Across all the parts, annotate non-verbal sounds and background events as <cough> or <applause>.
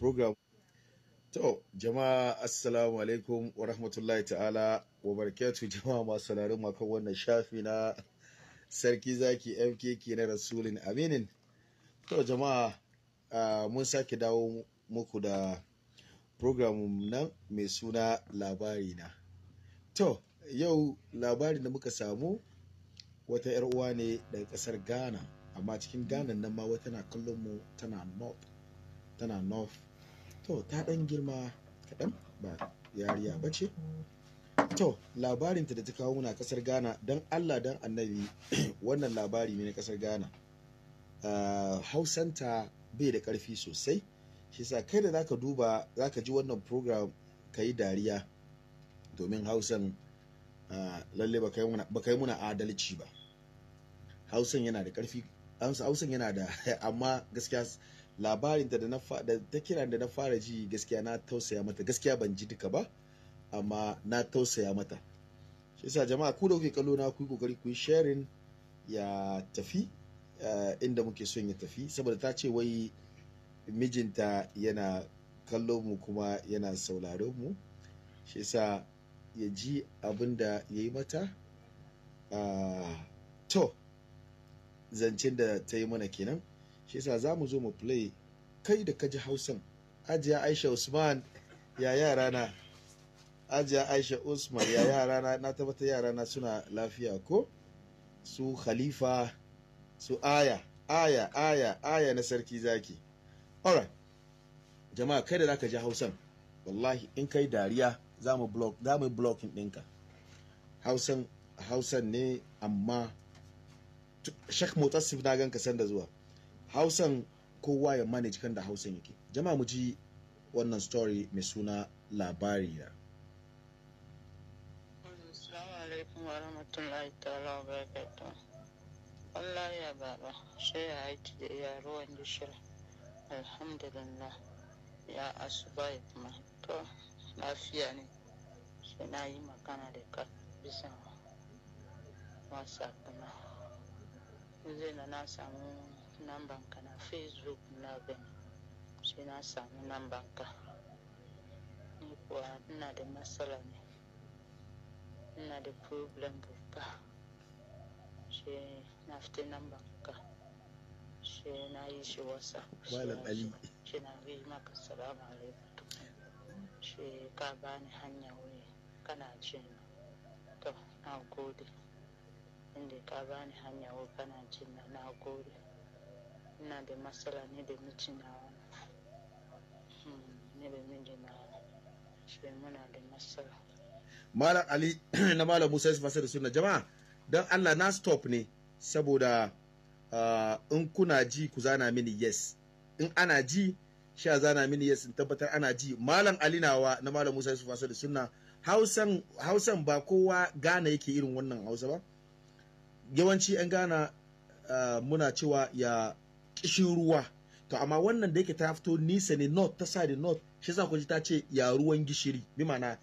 program to jama'a assalamu alaikum wa rahmatullahi ta'ala wa barakatu jama'a masu sauraron makon wannan shafi na sarki zaki mkk na rasulin aminin to jama'a uh, mun sake dawo muku da program nan mai suna labari na to yau labarin da muka samu wata 'yar uwa ne daga kasar ghana amma cikin ghana nan ma wata na kallon mu tana north tana north to ta ɗan girma kadan ba yariya ba ce to labarinta da ta kawo muna kasar ghana don allah dan annabi <clears throat> wannan labari ne na kasar ghana ah, hausanta bai da karfi sosai shi sa kai da zaka duba zaka ji wannan program ka dariya domin hausan ah, lalle ba kai muna adalci ba hausan yana da karfi hausan yana da <laughs> amma gaskiya labarinta da na ta kiran da na fara ji gaskiya na tausaya mata gaskiya ban ji duka ba amma na tausaya mata shi yasa jama'a ku da kuke kallo na ku kokari ku sharing ya tafi eh, inda muke son ya tafi saboda ta ce wai mijinta yana kallo mu kuma yana sauraron mu shi yasa ya ji abin da ya yi mata ah, to zancen da ta yi mana kenan shi yasa za mu zo mu play kai da kaji hausan ajiya aisha usman ya yara na ajiya aisha usman ya yara na na tabbata yara na suna lafiya ko su khalifa su aya aya aya aya na sarki zaki alright jama'a kai da ka ji hausan wallahi in kai dariya za mu block za mu blocking ɗinka hausan hausan ne amma shak motassif na ganka sanda zuwa hausan kowa ya manage kan da hausan yake jama'a mu ji wannan story mai suna labari na wa Allah ya baba, sai ya da iya ruwan Alhamdulillah. Ya asuba ya kuma to lafiya ne. Sai na yi magana da ka bisa wasa kuma. Zai na na samu nambanka na facebook na gani sai na samu nambanka ni kuwa ina da matsala ne ina da problem babba sai na fita nambanka ka sai na yi shi wasa sai na yi maka salamu alaikum sai ka bani hanya wuri kana jin to na gode inda ka bani hanya wuri kana jin na gode ina da matsala ne da mijina hmm, ne da mijina shi muna da matsala malam ali <clears throat> na malam musa yusuf da suna jama'a don allah na stop ne saboda ah, in kuna ji ku zana mini yes in ana ji sha zana mini yes in tabbatar ana ji malam ali nawa na malam musa yusuf da suna hausan hausan ba kowa gane yake irin wannan hausa ba yawanci 'yan gana ah, muna cewa ya kishin ruwa to amma wannan da yake ta fito nisa ne north ta side north shi sa kuji ta ce ya ruwan gishiri bi ma'ana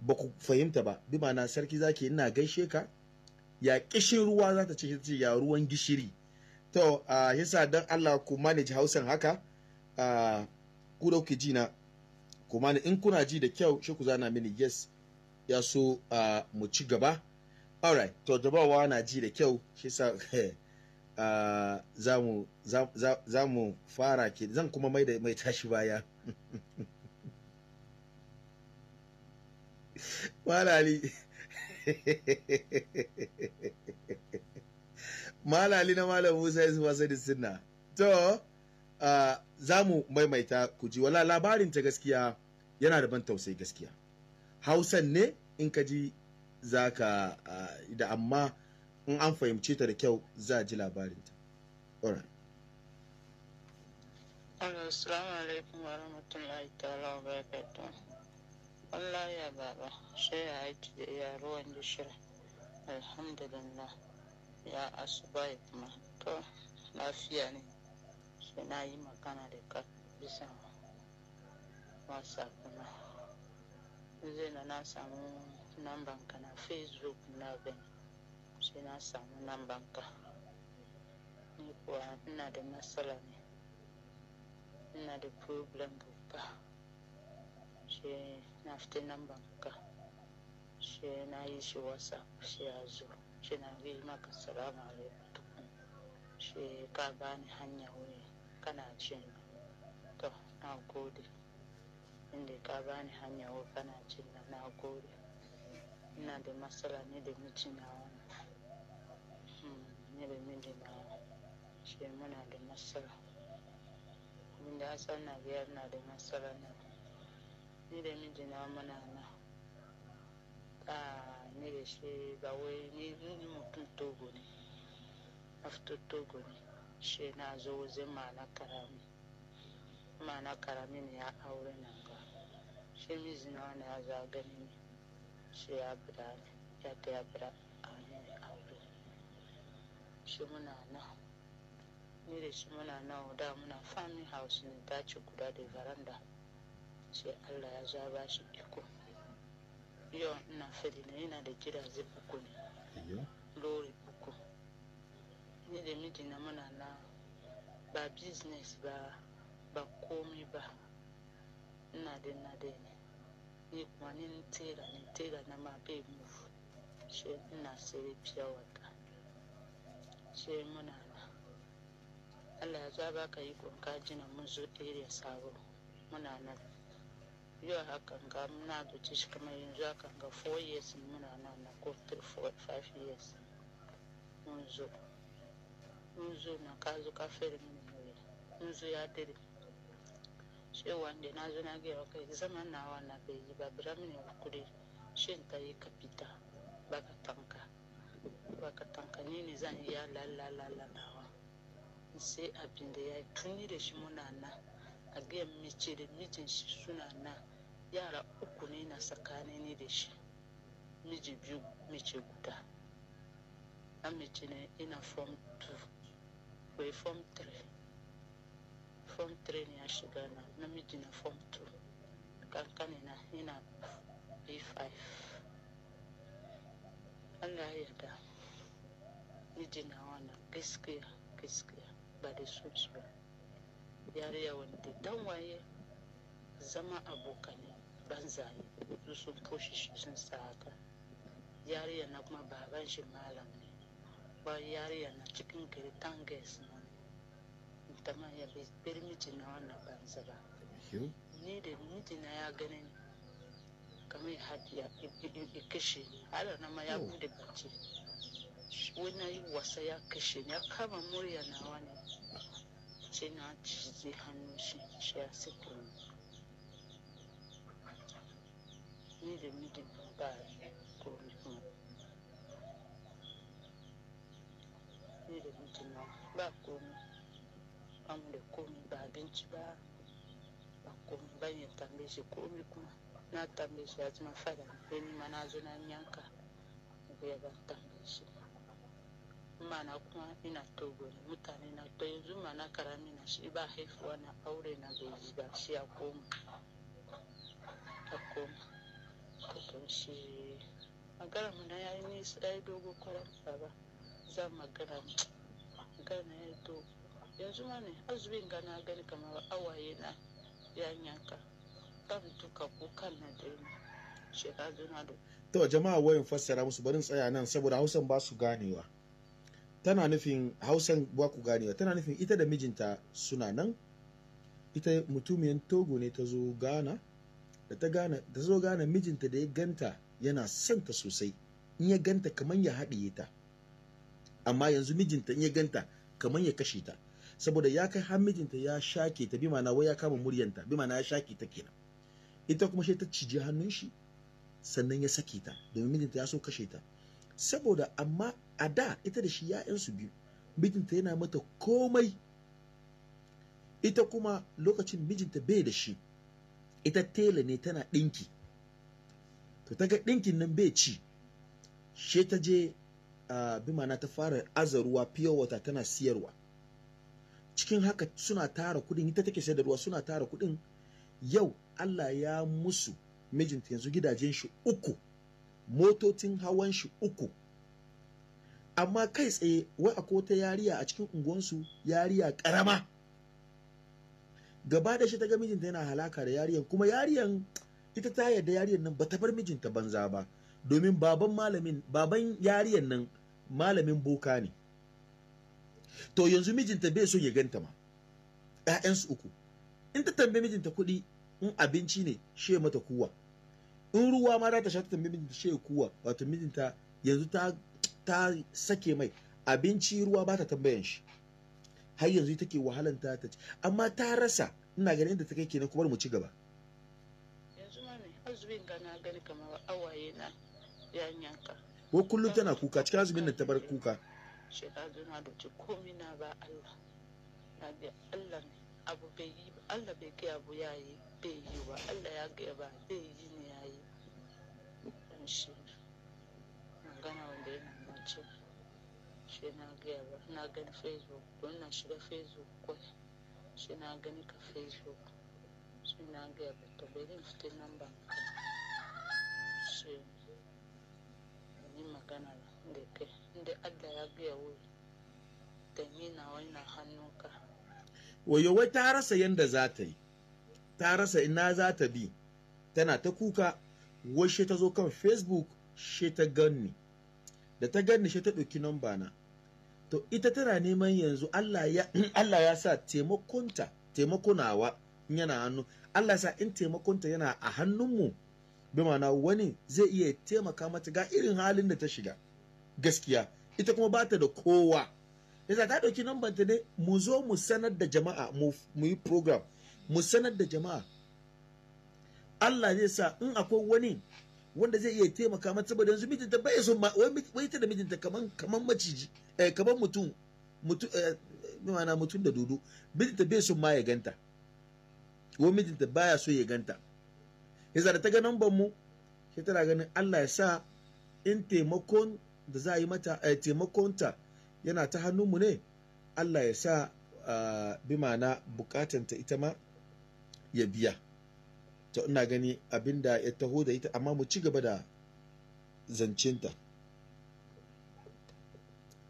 ba ku fahimta ba bi ma'ana sarki zaki ina gaishe ka ya kishin ruwa za ta ce ce ya ruwan gishiri to a sa dan Allah ku manage hausan haka a ku dauki ji na ku mani in kuna ji da kyau shi ku zana mini yes ya so mu ci gaba alright to jabawa na ji da kyau shi sa <laughs> za mu fara ke zan kuma mai da mai tashi baya malali <laughs> malali <laughs> na malam musa yanzu zuwa da sunna to za mu maimaita ku ji wala labarin ta gaskiya yana da ban tausayi gaskiya hausan ne in ka ji za ka da amma in an fahimci ta da kyau za a ji labarinta alright assalamu alaikum wa rahmatullahi ta'ala wa barakatuh Allah ya baba sai ya aiki da yaruwan da shirin alhamdulillah ya asuba ya kuma to lafiya ne sai na yi magana da ka bisa wasa kuma zai na na samu namban ka na facebook na gani sai na samu nan banka ni kuwa ina da matsala ne ina da problem babba sai na fita nan banka sai na yi shi wasa sai ya zo sai na yi maka salama alaikum sai ka bani hanya wuri kana cin to na gode inda ka bani hanya wuri kana cin na gode ina da matsala ne da na. annabi mindi ma ce muna da nasara abinda hassan na biyar na da nasara nan ni da mindi na muna na ka ni da shi ba wai ni mutum togo ne na togo ne shi na zo wajen ma na karami ma na karami ne ya aure nan ga shi mizina wani ya zagani ne shi ya bira ya ta ya bira shumunana ni da shumunana da muna family house ne dace guda da veranda sai allah ya za ba shi iko yau ina fadi na yana da gidaje uku ne lori uku ni da mijina muna na ba business ba ba komi ba ina da na da ne ni kuma ni tera ni tera na ma bai move shi ina sai fiyawa sai muna na allah ya za baka yi kunka jina mun zo area sabo muna nan yau hakan ga muna da ci shi kamar yanzu hakan ga 4 years muna nan na ko 5 years mun zo mun zo na ka zo ka fere mun wuri mun zo ya dare shi wanda na zo na gaya kai zaman nawa na bai yi ba biramin ya kure shi ta yi ka fita ba ka tanka bakatanka ne zan nse lalalalawa sai ya tun yi da shi muna na yala gayan na yara uku miji biyu miche guda na mace ina form 2 bai form 3 form 3 ne ya na miji na form 2 kankanina ina b5 Allah ya miji na wannan gaskiya gaskiya ba da son su ba yariya wanda dan waye zama ban banzaye su sun koshi shi sun sa haka yariya na kuma baban shi malam ne ba yariya na cikin gari tangas na ne ta ma ya bai na wannan banza ba ni da na ya gani kama hati ya keshe ala na mayabude kuti wena iwasa ya keshe ya kama muri ya nawane chena chizi hanu shi ya sekuru nile midi mbari kurundikuma nile midi mbakumi amule kumi babinchi ba bakumi bayentambeje kumi kuma na tambe shi ya ji fada sai ni ma na zo na yanka ya ban tambe shi mana kuma ina togo ne mutane na to yanzu mana karami na shi ba haifuwa na aure na bai yi ba shi ya koma ta koma ta tun shi magana mu na yayi nisa yayi dogo kwaran ba zan magana magana yayi dogo yanzu ma ne azubin gana gani kamar awaye na yan yanka to jama'a wayan fassara musu barin tsaya nan saboda hausan ba su ganewa tana nufin hausan ba ku ganewa tana nufin ita da mijinta suna nan ita mutumiyan togo ne ta zo gana da ta gana da zo gana mijinta da ya ganta yana son ta sosai in ya ganta kamar ya haɗiye ta amma yanzu mijinta in ya ganta kamar ya kashe ta saboda ya kai har mijinta ya shake ta bi ma'ana wai ya kama muryanta bi ma'ana ya shake ta kenan ita kuma shi ta cije hannun shi sannan ya saki ta domin mijinta ya so kashe ta saboda amma a da ita da shi ya'yansu biyu mijinta yana mata komai ita kuma lokacin mijinta bai da shi ita tela ne tana ɗinki to ta ga ɗinkin nan bai ci she ta je bi ta fara azaruwa pure water tana siyarwa cikin haka suna tara kudin ita take sayar da ruwa suna tara kudin yau Allah ya musu mijinta yanzu gidajen shi uku motocin hawan shi uku amma kai tsaye wai akwai ta yariya a cikin unguwansu yariya karama gaba da shi ta ga mijinta yana halaka da yariyan kuma yariyan ita ta yarda yariyan nan bata bar mijinta banza ba domin baban malamin baban yariyan nan malamin boka ne to yanzu mijinta bai so ya ganta ma 'ya'yansu uku in ta tambaye mijinta kuɗi in abinci ne she mata kuwa in ruwa ma za ta sha ta mijinta she kuwa wato mijinta yanzu ta ta sake mai abinci ruwa ba ta tambayan shi har yanzu take wahalan ta ta ci amma ta rasa ina ganin da ta kai kenan kuma mu ci gaba yanzu ma ne azumin ga na gani kamar awaye na yanyanka ko kullum tana kuka cikin azumin nan ta bar kuka shekaru na da ci komi na ba Allah na bi Allah abu bai yi Allah bai kai abu yayi zai yi ba Allah ya gaya ba zai yi ne ya yi dan shi magana wanda yana shi na gaya ba na gani facebook na shiga facebook ko shi na gani ka facebook shi na ba to bai nan ba shi magana da kai inda Allah ya wuri da ni na wannan hannunka wayo wai ta rasa yadda za ta yi ta rasa ina za ta bi tana ta kuka washe ta zo kan facebook she ta ganni da ta ganni she ta ɗauki namba na to ita tana neman yanzu Allah ya <clears throat> sa taimakonta taimakonawa yana hannu Allah ya sa in taimakonta yana a hannunmu bi ma'ana wani zai iya taimaka mata ga irin halin da ta shiga gaskiya ita kuma bata da kowa yasa ta ɗauki namban ta ne mu zo mu sanar da jama'a mu yi program mu sanar da jama'a Allah zai sa in akwai wani wanda zai iya taimaka mata saboda yanzu mijinta bai son ma wai ta da mijinta kaman kaman maciji eh kaman mutum mutum eh ma'ana mutum da dodo mijinta bai son ma ya ganta wai mijinta baya so ya ganta yasa da ta ga namban mu sai tana ganin Allah ya sa in taimakon da za a yi mata eh, taimakonta yana ta mu ne Allah ya sa ah, bi ma'ana bukatanta ita ma ya biya to ina gani abinda ya taho da ita amma mu ci gaba da zancenta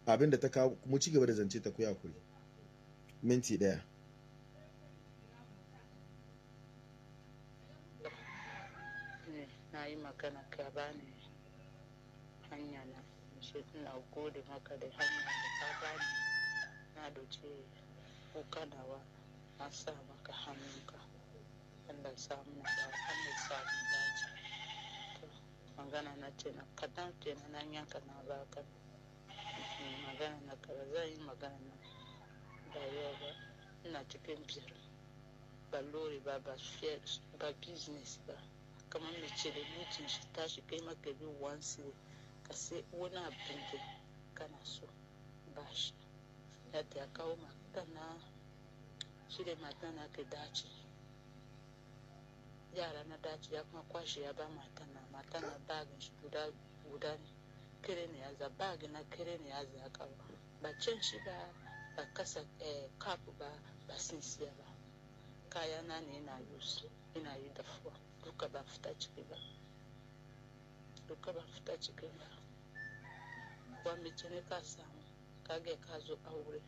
abinda ta kawo mu ci gaba da zancinta ta ya kuri minti daya eh, na yi magana ka bani hanya na shi na gode maka da hanya da ka bani na doce kukanawa na sa maka hannunka Allah ya samu na da Allah ya samu dace magana na ce na kadan ce na nan yanka na baka magana na kara zan yi magana na rayuwa ba ina cikin biyar ba lori ba ba business ba kamar mace da mutum shi tashi kai maka bi wansi ka sai wani abin da kana so ba shi ya ya kawo mata na shi da mata na ka dace yara na daci ya kuma kwashe ya ba mata na mata na bagin shi guda guda ne kere ne ya za bagin na kere ne ya za ka ba cin shi ba ba kasa kap eh, ba ba sinsiya ba kaya na ne yana yusu yana yi dafuwa duka ba fita ciki ba duka ba fita ciki ba wa mace ne ka samu kage ka zo aure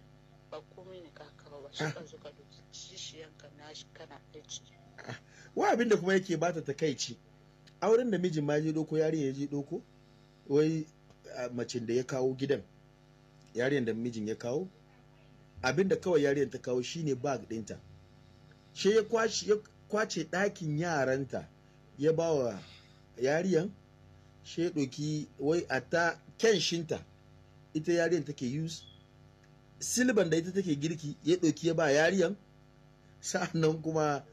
ba komai ne ka kawo ba shi ka zo ka doki shi yanka na shi kana aiki wa abinda kuma yake bata takaici auren da mijin ma je doko yarinya ya je doko wai macin da ya kawo gidan yarinyar da mijin ya kawo abinda kawai yarinyar ta kawo shine bag dinta she ya kwace ɗakin yaranta ya ba wa yariyan she ya ɗoki wai a ta kenshinta ita yariyan take use silban da ita take girki ya ɗoki ya ba yariyan sa'annan kuma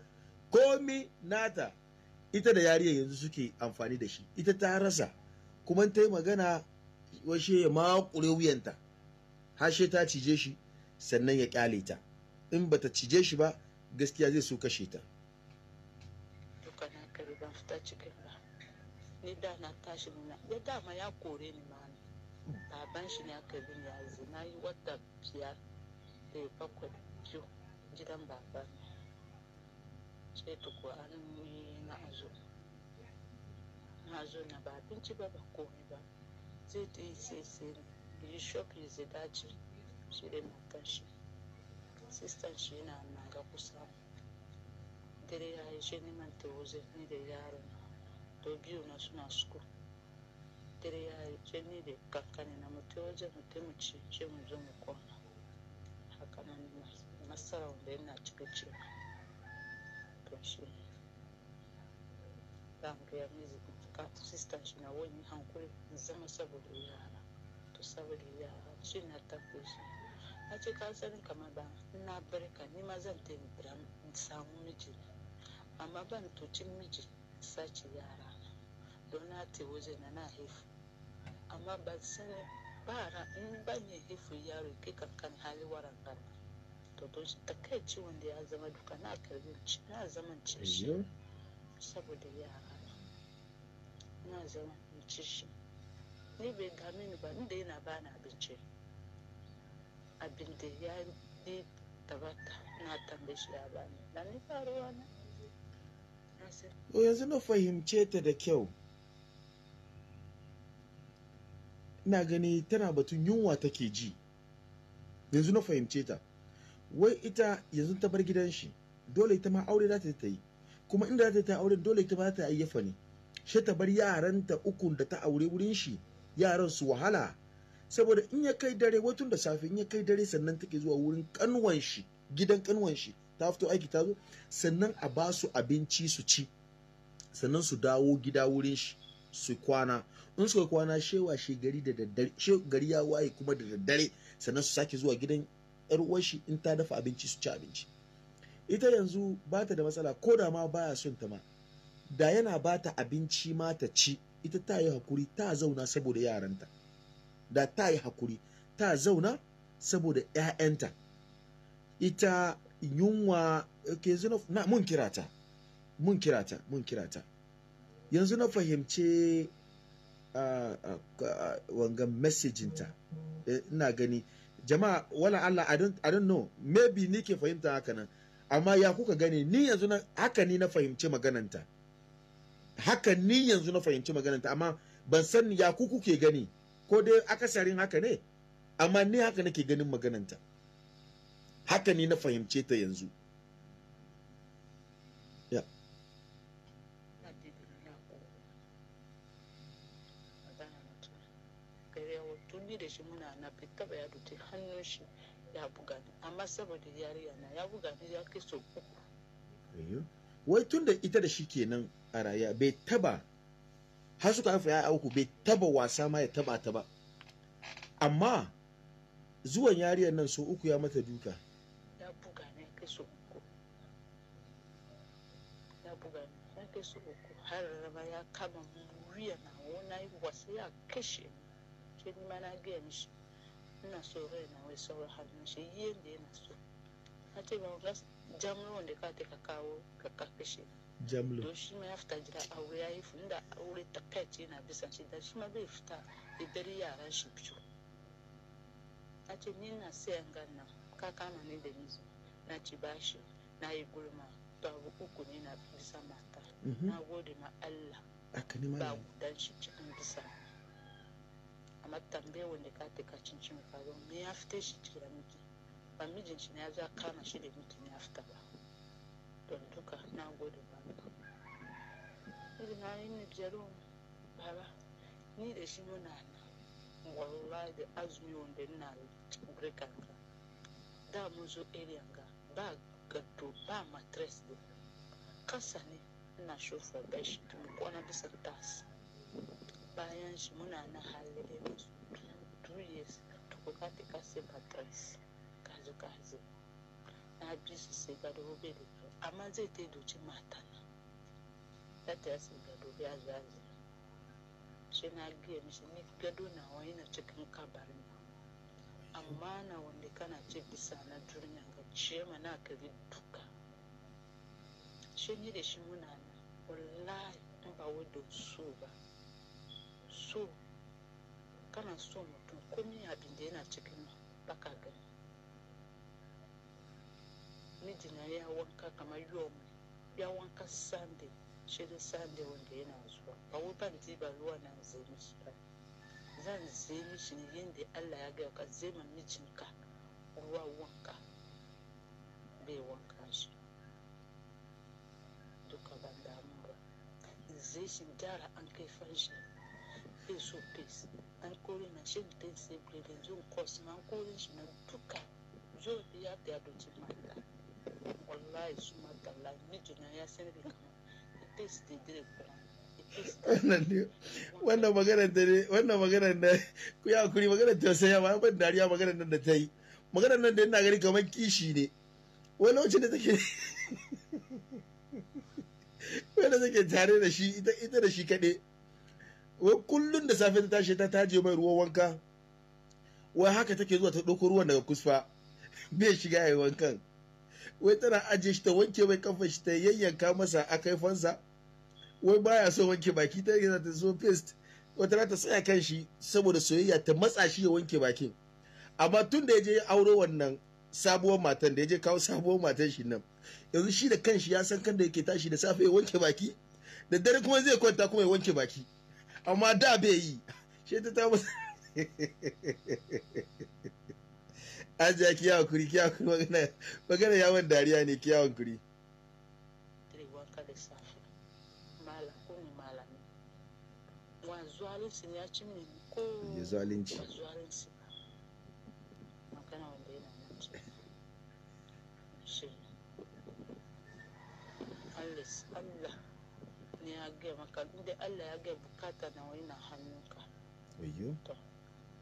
komi nata ita da yariya yanzu suke amfani da shi ita ta rasa kuma ta yi magana washe ya makure wuyanta hashe ta cije shi sannan ya kyale ta in bata cije shi ba gaskiya zai so kashe ta ni da na tashi ya dama ya kore ni ma baban shi ne aka bin yanzu na yi wata biyar da eh, bakwai gidan baban sai kuwa an na zo na zo na ba abinci ba ba komai ba zai ta yi sai sai yi shopping zai dace shi da matan shi sistan shi yana nan ga kusa dare ya yi shi neman ta wuze ni da yaron to biyu na suna suku dare ya yi shi ni da kankani na mutu wajen mutum ce shi mu zo mu kona haka nan masarar da yana cikin cewa kanshi za mu ga ya mizi bukatu sista shi na wani hankuri zama saboda yara to saboda yara shi na tafi shi a ce ka sani kamar ba na barka ni ma zan taimaka in samu miji amma ban tocin miji sace yara don waje na na haifu amma ban sani ba in ban yi haifu yaro ke kankan hali waran gana to don shi takaici wanda ya zama duka na na zaman ci shi saboda yara na zaman ci shi ni bai ni ba da abinci abin da ya yi tabata na shi ya da ni faruwa na to yanzu na fahimce ta da kyau ina gani tana batun yunwa take ji yanzu na fahimce ta wai ita yanzu ta bar gidan shi dole ita ma aure za ta yi kuma inda za ta yi aure dole ita ma za ta yi yafa ne shi ta bar yaranta ukun da ta aure wurin shi yaran su wahala saboda in ya kai dare watun da safe in ya kai dare sannan take zuwa wurin kanwan shi gidan kanwan shi ta fito aiki ta zo sannan a ba su abinci su ci sannan su dawo gida wurin shi su kwana in su kwana shewa shi gari da daddare she gari ya waye kuma da daddare sannan su sake zuwa gidan yar uwarshi in ta dafa abinci su ci abinci ita yanzu ba ta da matsala ko da ma baya son ta ma da yana ba ta abinci ma ta ci ita ta yi hakuri ta zauna saboda yaranta da ta yi hakuri ta zauna saboda 'ya'yanta ita yunwa ke zuna na mun kirata mun kirata mun kirata yanzu na fahimce a ah, ah, ah, wangan messaging ta eh, ina gani jama'a wala Allah I don't, I don't know maybe ni ke fahimta haka nan amma ya kuka gani ni yanzu na haka ni na fahimci magananta haka ni yanzu na fahimci magananta amma ban san ya ku kuke gani ko dai akasarin haka ne amma ni haka nake ganin magananta haka ni na fahimce ta yanzu da shi muna na hannun shi ya buga ni amma saboda yariya na ya buga ni ya kai so uku wai tun da ita da shi kenan a raya bai taba har suka haifa ya auku bai taba wasa ma ya taba ta ba amma zuwan yariyar nan so uku ya mata duka ya buga ni kai so uku ya buga ni ya kai so uku har raba ya kama muriya na wani wasu ya kashe ni ke nima na gaya mishi ina so rai na wai sauran hannun shi yadda yana so na ce ba ga jamlon wanda ka ka kawo ka kafe shi jamlo don shi ma ya fita gida aure ya yi fun da aure takaici na bisan shi da shi ma zai fita da dare yaran shi fito a ce ni na sayan gana ka kama ni da nizo na ci bashi na yi gulma to abu uku ni na bisa mata mhm. na gode ma Allah ba gudan shi cikin bisa amatambewoneka tekachinchi mukaro miafite shikira miji bamijinchi nayazakhana shiri miti miafita ba don duka nagode baba iri naine byarumu baba nire shinonana wallahi da azumi wanda na grekanka da mun zo area ba gado ba matres do kasa ne ina shofa bashi tun kwana bisa tas bayan shi muna nan halile ka two years se ba tres kazo kazo na bi su ka dogo be da kyau amma zai ta doci mata na ta ta se sun dogo ya zazi shi na mi shi ni gado na wani na cikin kabarin amma na wanda kana ce bisa na duniya ga ce mana ka bi duka shi ni da shi muna na wallahi in ba wadda su ba so kana so mutum komi abin da yana cikin baka gani mijina ya wanka kamar yau ya wanka sande da sande wanda yana zuwa ba wai ban ba ruwa na zai ba zan zai mishi ne yadda allah ya gaya ka zai ma mijinka ruwa wanka bai wanka shi duka ban damu ba zai shi gyara an kai fanshi face so peace an kore na shi na an kore shi na duka zon ya ta doci mata wallahi su mata lai mijina ya sani kama it wannan kuri ta ya ban ta yi maganar nan da ina kishi ne wani lokacin ne take wani da tare da shi ita da shi kaɗai wai kullun da safe ta tashi ta taje mai ruwan wanka wai haka take zuwa ta ɗauko ruwan daga kusfa <laughs> bai shiga yayi wankan wai tana ajiye shi ta wanke mai kafa shi ta yayyanka masa akaifansa wai baya so wanke baki ta yi ta so paste wata ta tsaya kan shi saboda soyayya ta matsa shi ya wanke bakin amma tun da ya je auro wannan sabuwar matan da ya je kawo sabuwar matan shi nan yanzu shi da kanshi ya san kan da yake tashi da safe ya wanke baki da dare kuma zai kwanta kuma ya wanke baki amma da bai yi shi ta ta musu ajiya kiyawa kuri kiyawa kuri magana magana yawon dariya ne kiyawan kuri ya zalunci Allah ne ya gaya maka inda Allah ya gaya bukata na wani na hannunka wayo to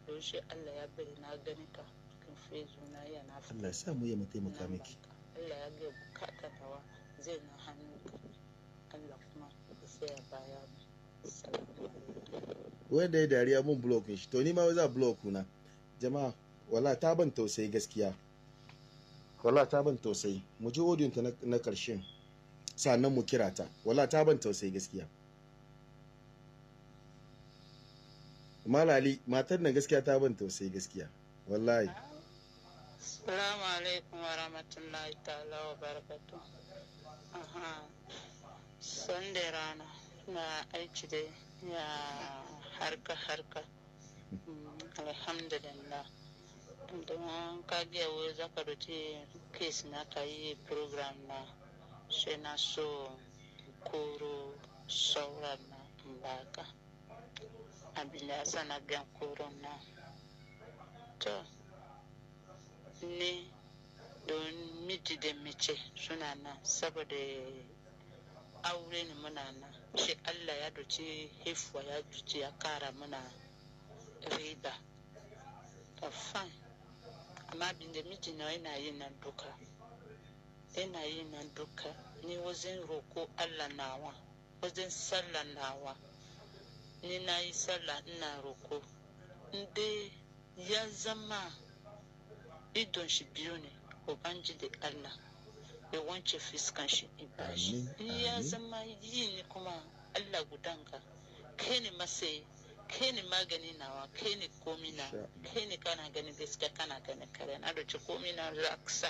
yaushe Allah ya bari na gani ka kan fezu na ya na Allah sa mu ya taimaka miki Allah ya gaya bukata na wa zai na hannunka Allah kuma ya saya baya mu wanda ya dariya mun blok shi to ni ma za blok na jama'a wala ta ban tausayi gaskiya wala ta ban tausayi mu ji na karshen sannan mu kira ta wala ta ban tausayi gaskiya malali matar nan gaskiya ta ban tausayi gaskiya wallahi assalamu alaikum wa rahmatullahi ta'ala wa barakatu sunday rana na aiki dai ya harka harka mm, alhamdulillah don kagiyawo wai zaka rufe case na ka yi program na sai na so koro na mbaka abin sana na to ni don miji da mace suna nan saboda aure ne muna na shi allah ya doci haifuwa ya doci ya kara muna riba to fine amma abin da miji na yana yin nan duka ina yi nan duka ni wajen roko allah nawa wajen sallah nawa ni na yi sallah ina roko inda ya zama idon shi biyu ne ubangiji allah ya wance fiskan shi in ya zama yi ne kuma allah gudanka kai ne masai kai ne magani nawa kai ne komi na kai ne kana gani gaskiya kana gani kare na da komi na za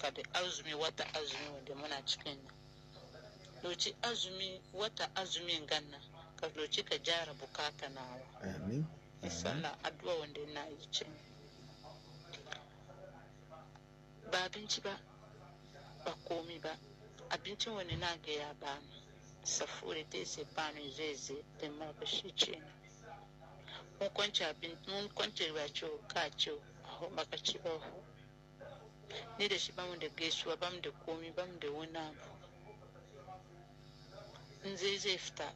ka da azumi wata azumi wanda muna cikin nan doci azumi wata azumi ganna ka loci ka jara bukata nawa amin sallah addu'a wanda ina yi cin ba abinci ba ba komi ba abincin wani na gaya ba ni safuri dai sai bani zai zai da ma ba shi ce ne mun kwanci ba ce ka ho a ci ba ni da shi bamu da gaisuwa bamu da komi bamu da wani in zai zai fita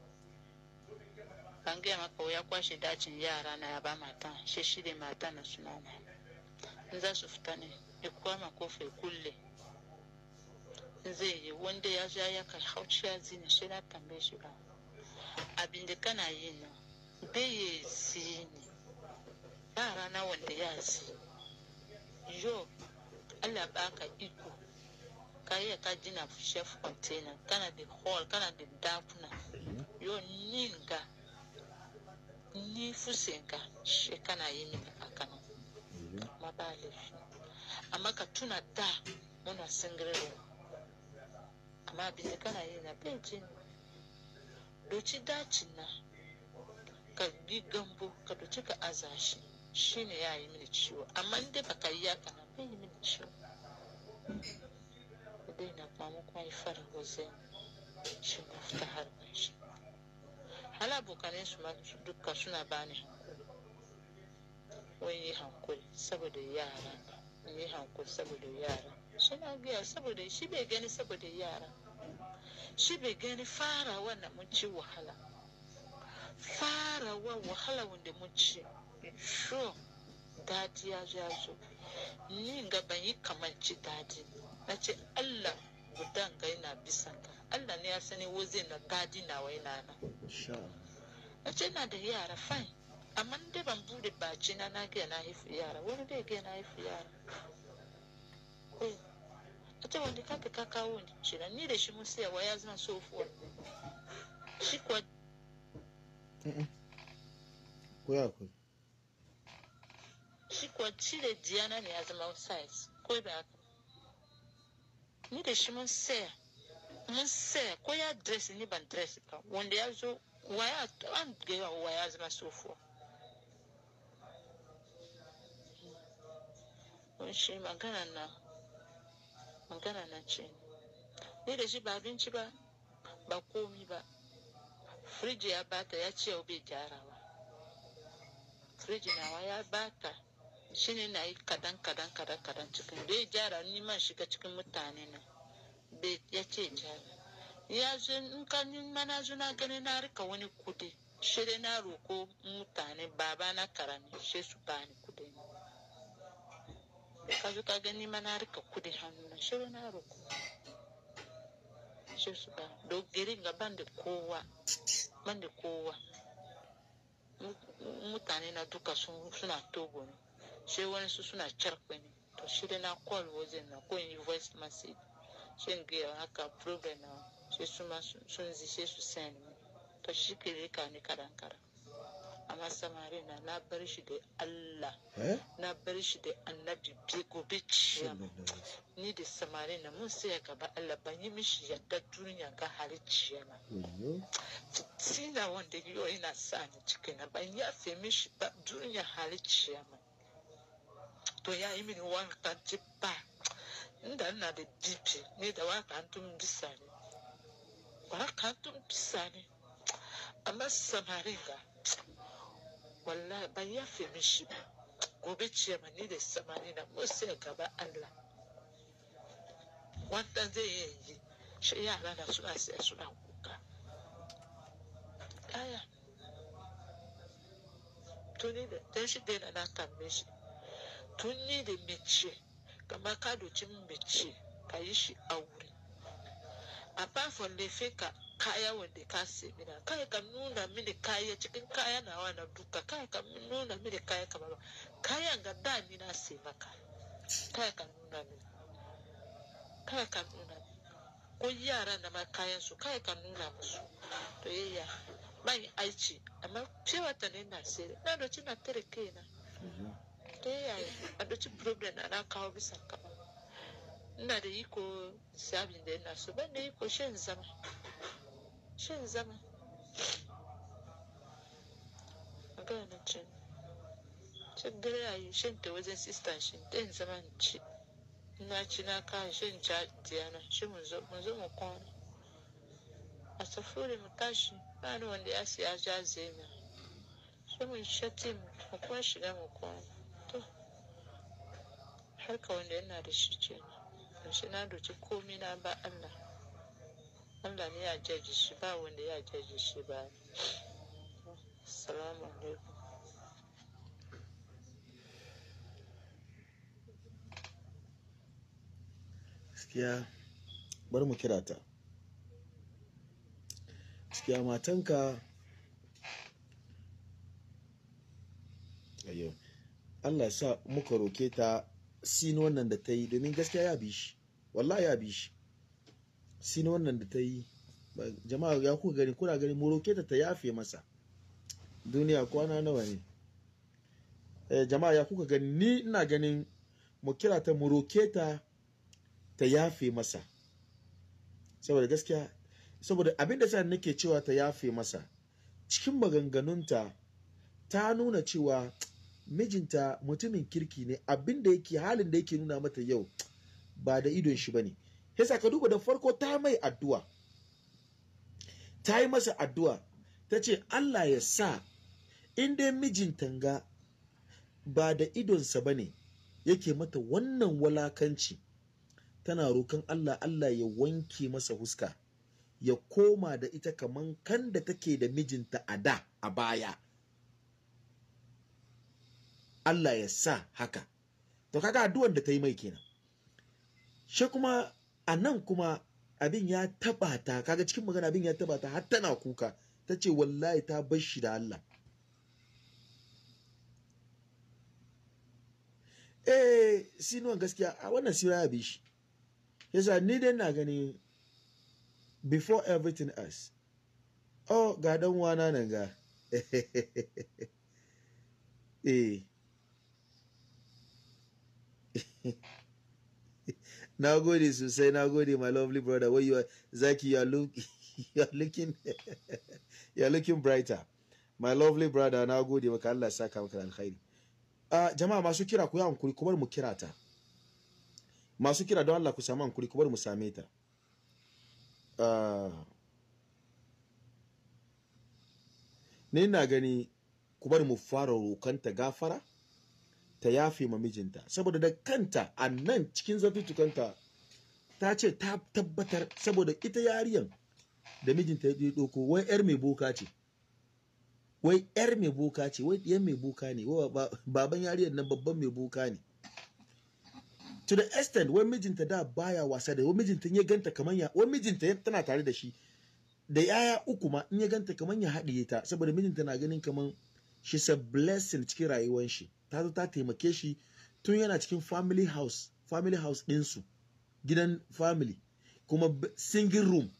kan gaya maka ya kwashe dacin yara na ya ba mata shi shi da mata na suna na in za su fita ne ya kwama kofa ya kulle in zai yi wanda ya ja ya kai hauci ya zina shi na tambaye shi ba abin da kana yi nan bayyazini ba rana wanda ya si yo allah baka iko ka iya ka jina chef container kana da hall kana da dakuna yo ninga ni fusenka shi mhm. kana yi mini akana ma ba laifi amma ka tuna da muna singirewa amma abin da kana yi na bai jini doci dacin na ka bi gambo ka doce ka aza shi ne ya yi mini ciwo amma ba ka yi ya na bai yi mini ciwo ku na kuma mu kuma yi fara hussein shi har ban shi hala abokanen su ma duka suna bani hankuri wani yi hankuri saboda yara yi hankuri saboda yara suna biya saboda shi bai gani saboda yara shi bai gani fara wannan mun ci wahala farawa wahala wanda mun ce sho dadi ya zo ya zo ni ga ban yi kamanci dadi na ce allah gudan ga yana bisan ka allah ne ya sani wo zai na dadi na wai na na na ce na da yara fine amma da ban bude baci na na ga na haifi yara wani da ga na haifi yara a ce wanda kaka kawo wani cina, ni da shi mun siya wa ya zama sofuwa shi kuwa kuyakwe chikwachile diana ni azama usais kwebako nide shi mun saya ya dress ni ban dress ka wanda ya zo waya an waya zama sofo mun magana na magana na ce ni da shi ba abinci ba ba komi ba firiji ya bata ya ce bai gyarawa firiji nawa ya bata shi ne na yi kadan kadan kadan kadan cikin bai gyara ni man shiga cikin mutane na ya ce gyara ya zo in ka mana zuna gani na rika wani kudi shi dai na roko mutane baba na karami shi su ni kudi ka zo ka gani mana rika kudi hannu na shi na roko so su ba don garin ga ban da kowa ban da kowa mutane na duka suna togo ne sai wani su suna charkwe ne to shi da na call wajen na ko yi voice message shi in gaya haka problem na sai su ma sun zishe su send to shi ke rika ne karan karan ala samare na na bar shi da Allah eh? na bar shi da annabi bi gobe ciyama ni da samare na mun sai gaba Allah ban yi mishi yadda duniya ga hari na sina wanda yau yana sa ni cikin na ban ya fe mishi ba duniya hari ciyama to ya yi mini wanka jibba inda ina da dipi ne da waka tun bisa ne waka tun bisa ne amma samare ga wallahi ban min shi ba gobe ce ma ni da samani na musu gaba Allah wannan zai yi yi shi yara na suna siya suna kuka aya tuni da dan shi dai na tambaye shi tuni da mace kama ka doci mace ka yi shi a wuri apart from the fake kaya wanda ka sai mina kaya ka nuna mini kaya cikin kaya na wana duka kaya ka nuna mini kaya kamar kaya kayan ga da ni na sai maka kai ka nuna mini kai ka nuna mini na ma kaya su kaya ka nuna musu to yayya ban aici amma cewa ta ne na sai na doci na tare kaina mhm. to yayya a doci problem na na kawo bisa ka ina da iko samun da yana so ban da iko shin zama shan zama gane can can yi shan ta wajen sista ta yin zama ci na ci na kawo shan ca diyana shi mun zo mu kwan a safuri mu tashi ba wanda ya siya ja zai shi mun shati mu kwan shiga mu kwan to harka wanda yana da shi kenan shi na doci komi na ba Allah Allah ne ya jaji shi ba wanda ya jaji shi ba salamu alaikum gaskiya bari mu kira ta gaskiya matanka ayo Allah ya sa muka roke ta sin wannan da ta yi domin gaskiya ya bi shi wallahi ya bi shi ne wannan da ta yi jama'a ya ku gani kuna gani moroke ta ta yafe masa duniya kwana nawa ne eh, jama'a ya kuka gani ni ina ganin mu kira ta moroke ta ta yafe masa saboda gaskiya saboda abin da nake cewa ta yafe masa cikin maganganunta ta nuna cewa mijinta mutumin kirki ne abin da yake halin da yake nuna mata yau ba da idon shi bane yasa ka duba da farko ta mai addu'a ta yi masa addu'a ta ce Allah ya sa in dai mijin tanga ba da idonsa bane yake mata wannan walakanci tana rokan Allah Allah ya wanke masa huska ya koma da ita kaman kan da take da mijinta a da a baya Allah ya sa haka to kaga addu'ar da ta yi mai kenan shi kuma a nan kuma abin ya taba ta kaga cikin magana abin ya taba ta har tana kuka ta ce wallahi ta bar shi da Allah eh sinuwan gaskiya a wannan sira ya bi shi yasa ni dai na gani before everything else oh ga dan wana nan ga <laughs> eh <laughs> na gode sosai na gode my lovely brother where you are zaki you are, look, <laughs> you are looking <laughs> you are looking brighter my lovely brother na gode maka Allah ya saka maka alkhairi uh, jama'a masu kira ku yi kuri ku bar mu kira ta masu kira don Allah ku samu kuri ku bar mu same ta uh, ni na gani ku bar mu fara rokanta gafara ta yafe ma mijinta saboda da kanta a nan cikin tukanta ta ce ta tabbatar saboda ita yariyan da mijinta ya ɗoko wai yar mai boka ce wai yar mai boka ce wai yar mai boka ne wai baban yariyan nan babban mai boka ne to the extent wai mijinta da baya wasa da wai mijinta ya ganta kamar ya wai mijinta tana tare da shi da yaya uku ma in ya ganta kamar ya haɗiye ta saboda mijinta na ganin kamar shi sa blessing cikin rayuwar shi ta zo ta taimake shi tun yana cikin family house family house ɗinsu gidan family kuma single room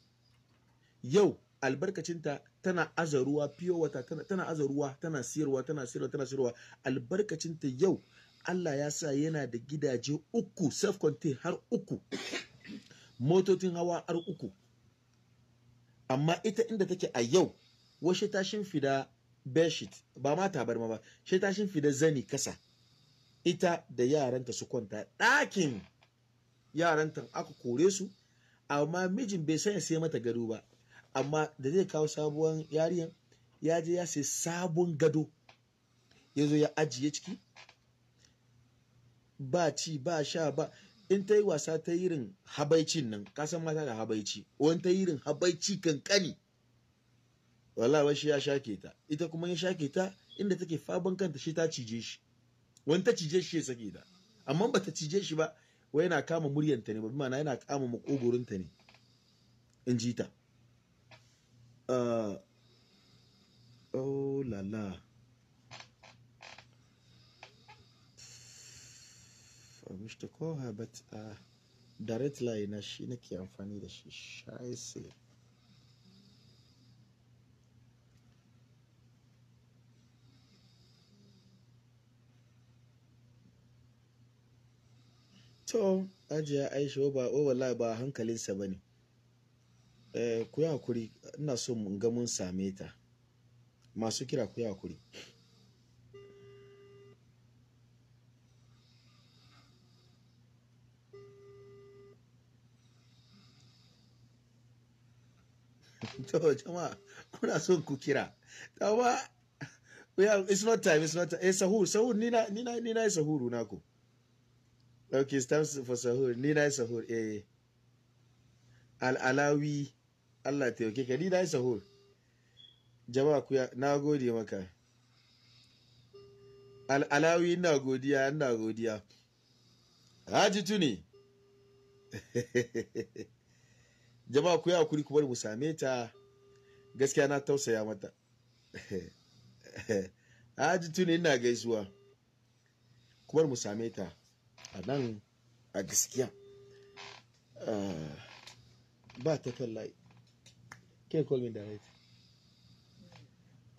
yau albarkacinta tana aza ruwa wata tana, azaruwa, tana siyarwa tana siyarwa tana siyarwa albarkacinta yau Allah ya sa yana da gidaje uku self contained har uku motocin hawa har uku amma ita inda take a yau washe ta fida? beshit ba ma tabarma ba shi ta shin fida zani kasa ita da yaranta su kwanta ɗakin yaranta aka kore su amma mijin bai sanya sai mata gado ba amma da zai kawo sabuwan yariyan ya je ya sai sabon gado ya zo ya ajiye ciki ba ci ba sha ba in ta yi wasa ta yirin habaicin nan kasan mata da habaici wani ta yirin habaici kankani wallahi shi ya shake ta ita kuma ya shake ta inda take faban kanta shi ta cije shi wani ta cije shi ya sake ta amma ba ta cije shi ba wai yana kama muryanta ne ba ma'ana yana kama makogorinta ne in ji ta ah, oh la but uh, direct line na shi nake amfani da shi shaisi To, Hajiya Aisha ba wai wallahi ba hankalinsa ba ne. Eh, ku yi hakuri, ina so mu ga mun same ta. Masu kira ku yi hakuri. <laughs> to jama'a kuna son ku kira dawa it's not time it's not time eh sahur sahur ni na ni na ni na sahuru nako ok stamps for sahur ni na yi sahur eh al'alawi allah taimake ka ni na yi sahur jama'a kuya na gode maka al'alawi ina godiya ina godiya haji tuni <laughs> jama'a kuya kuri kuma mu same ta gaskiya na tausaya mata <laughs> haji tuni ina gaisuwa kuma mu same ta a nan a gaskiya ah, ba ta tallaye ke call me direct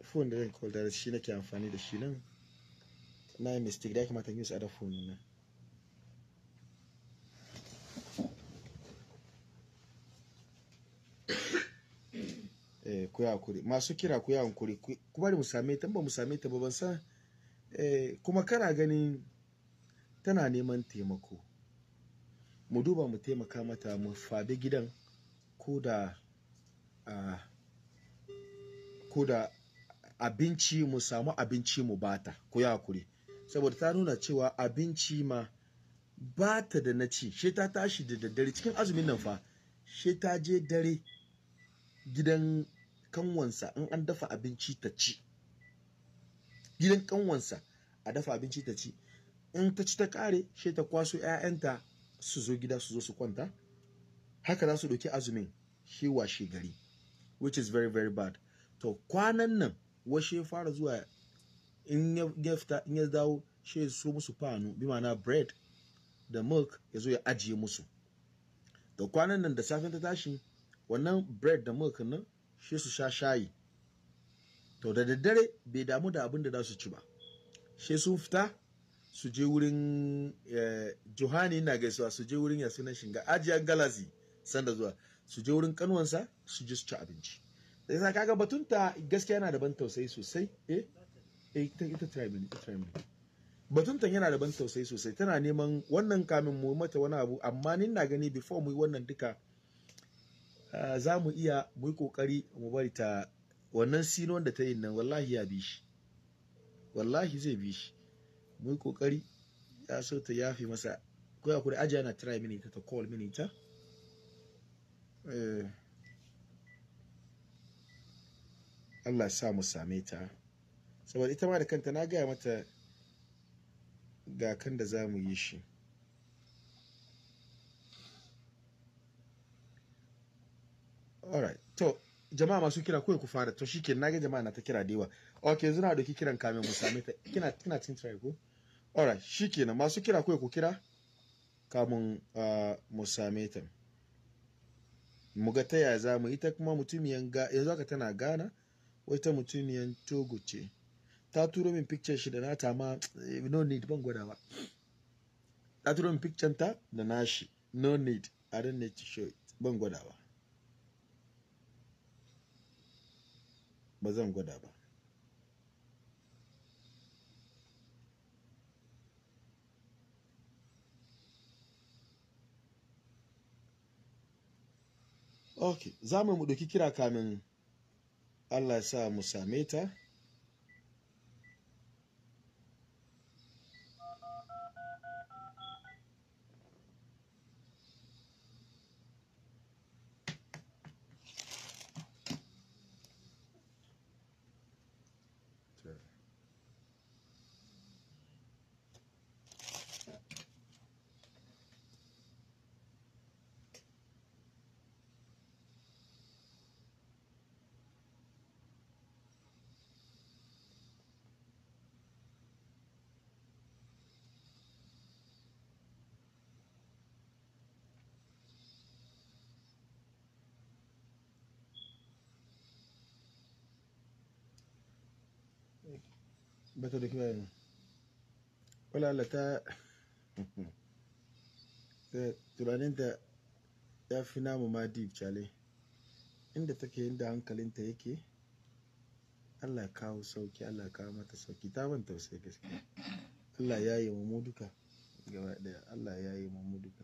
phone da zan call direct shi nake amfani da shi nan na yi mistake da ya kamata yin tsada phone nan <coughs> eh ku hakuri masu kira ku yi hankuri kuma da mu same ta ba mu same ta ba ban san eh, kuma kana ganin tana neman taimako mu duba mu taimaka mata mu fadi gidan ko da abinci mu samu abinci mu bata ku ya kuri saboda ta nuna cewa abinci ma bata da na ci she ta tashi da daddare cikin azumin nan fa she ta je dare gidan kanwansa in an dafa abinci ta ci gidan kanwansa a dafa abinci ta ci in ta ci ta kare she ta kwaso ƴaƴanta su zo gida su zo su kwanta haka za su ɗauki azumin shi washe gari which is very very bad to kwanan nan washe fara zuwa in ya fita in ya dawo ya so musu fanu bi ma'ana bread da milk ya zo ya ajiye musu da kwanan nan da safin ta tashi wannan bread da milk nan shi su sha shayi to da daddare bai damu da abin da za su ci ba shi sun fita su je wurin eh, johani na gaisuwa su je wurin yasunan shinga ajiyar galazi sanda zuwa su je wurin kanuwansa su ji su ci abinci da yasa kaga batunta gaskiya yana da ban tausayi sosai eh, eh ita ita tribe ita batuntan yana da ban tausayi sosai tana neman wannan kamin mu mata wani abu amma ni na gani before mu yi wannan duka ah, za mu iya mu yi kokari mu bari ta wannan sinon da ta yi nan wallahi ya bi shi wallahi zai bi shi mu yi kokari ya so ta fi masa ko ya kuri ajiya na try mini ta ta call mini ta eh, Allah sa mu same ta saboda ita ma da kanta na gaya mata ga kan da za mu yi shi alright to jama'a masu kira kawai ku fara to shi ke na ga jama'a na ta kira da yawa ok zuna da kikiran kiran kamin mu same ta kina kina cin try ko alright shikenan masu kira ko ku kira kamun ah, mu same ta mu ga ta yaya za mu ita kuma mutumiyan ga yanzu haka tana gana wai ta mutumiyan togo ce ta turo min picture shi da nata ma eh, no need ban gwada ba ta turo min picture ta da nashi no need i don't need to show it ban gwada ba ba zan gwada ba ok za mu ɗauki kira kamin allah ya sa mu same ta bata da kimanin walala ta tunaninta ya fi namu ma deep chale inda take inda hankalinta yake allah ya kawo sauki allah ya kawo mata sauki ta ban tausayi gaske allah ya yi mu duka gaba daya allah ya yi mu duka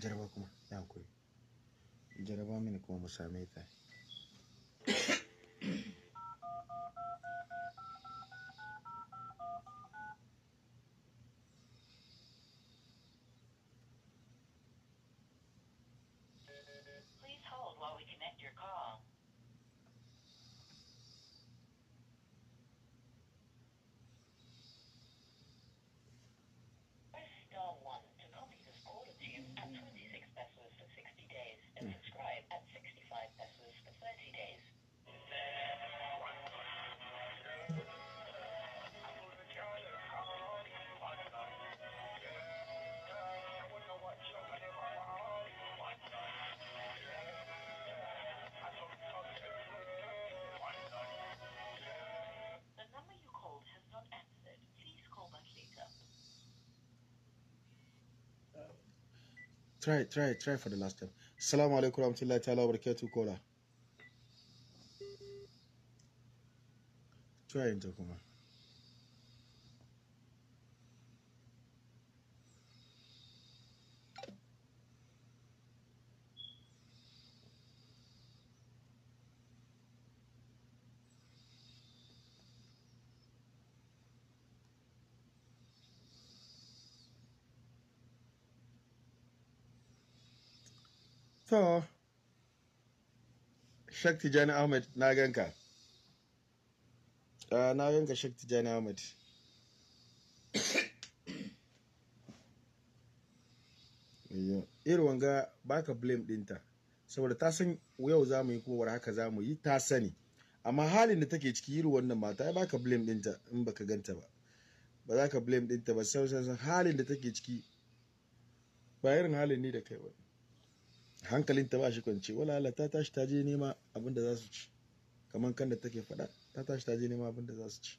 jaraba kuma ya hankuri jaraba mini kuma mu same ta Try, try, try for the last time. Assalamu alaikum warahmatullahi ta'ala barakatu kola. Try into kuma. To, Shak Tijani Ahmed na ganka. Ah, na ganka Shak Tijani Ahmed. Irin wanga baka blame dinta saboda ta san yau za mu yi kuma war haka za mu yi ta sani. Amma halin da take ciki irin wannan mata ya baka blame dinta in baka ganta ba. Ba za ka blame dinta ba sau halin da take ciki ba irin halin ni da kai ba. hankalinta ba shi kwance wala Allah ta tashi ta je nema abin da za su ci kamar kan da take faɗa ta tashi ta je nema abin da za su ci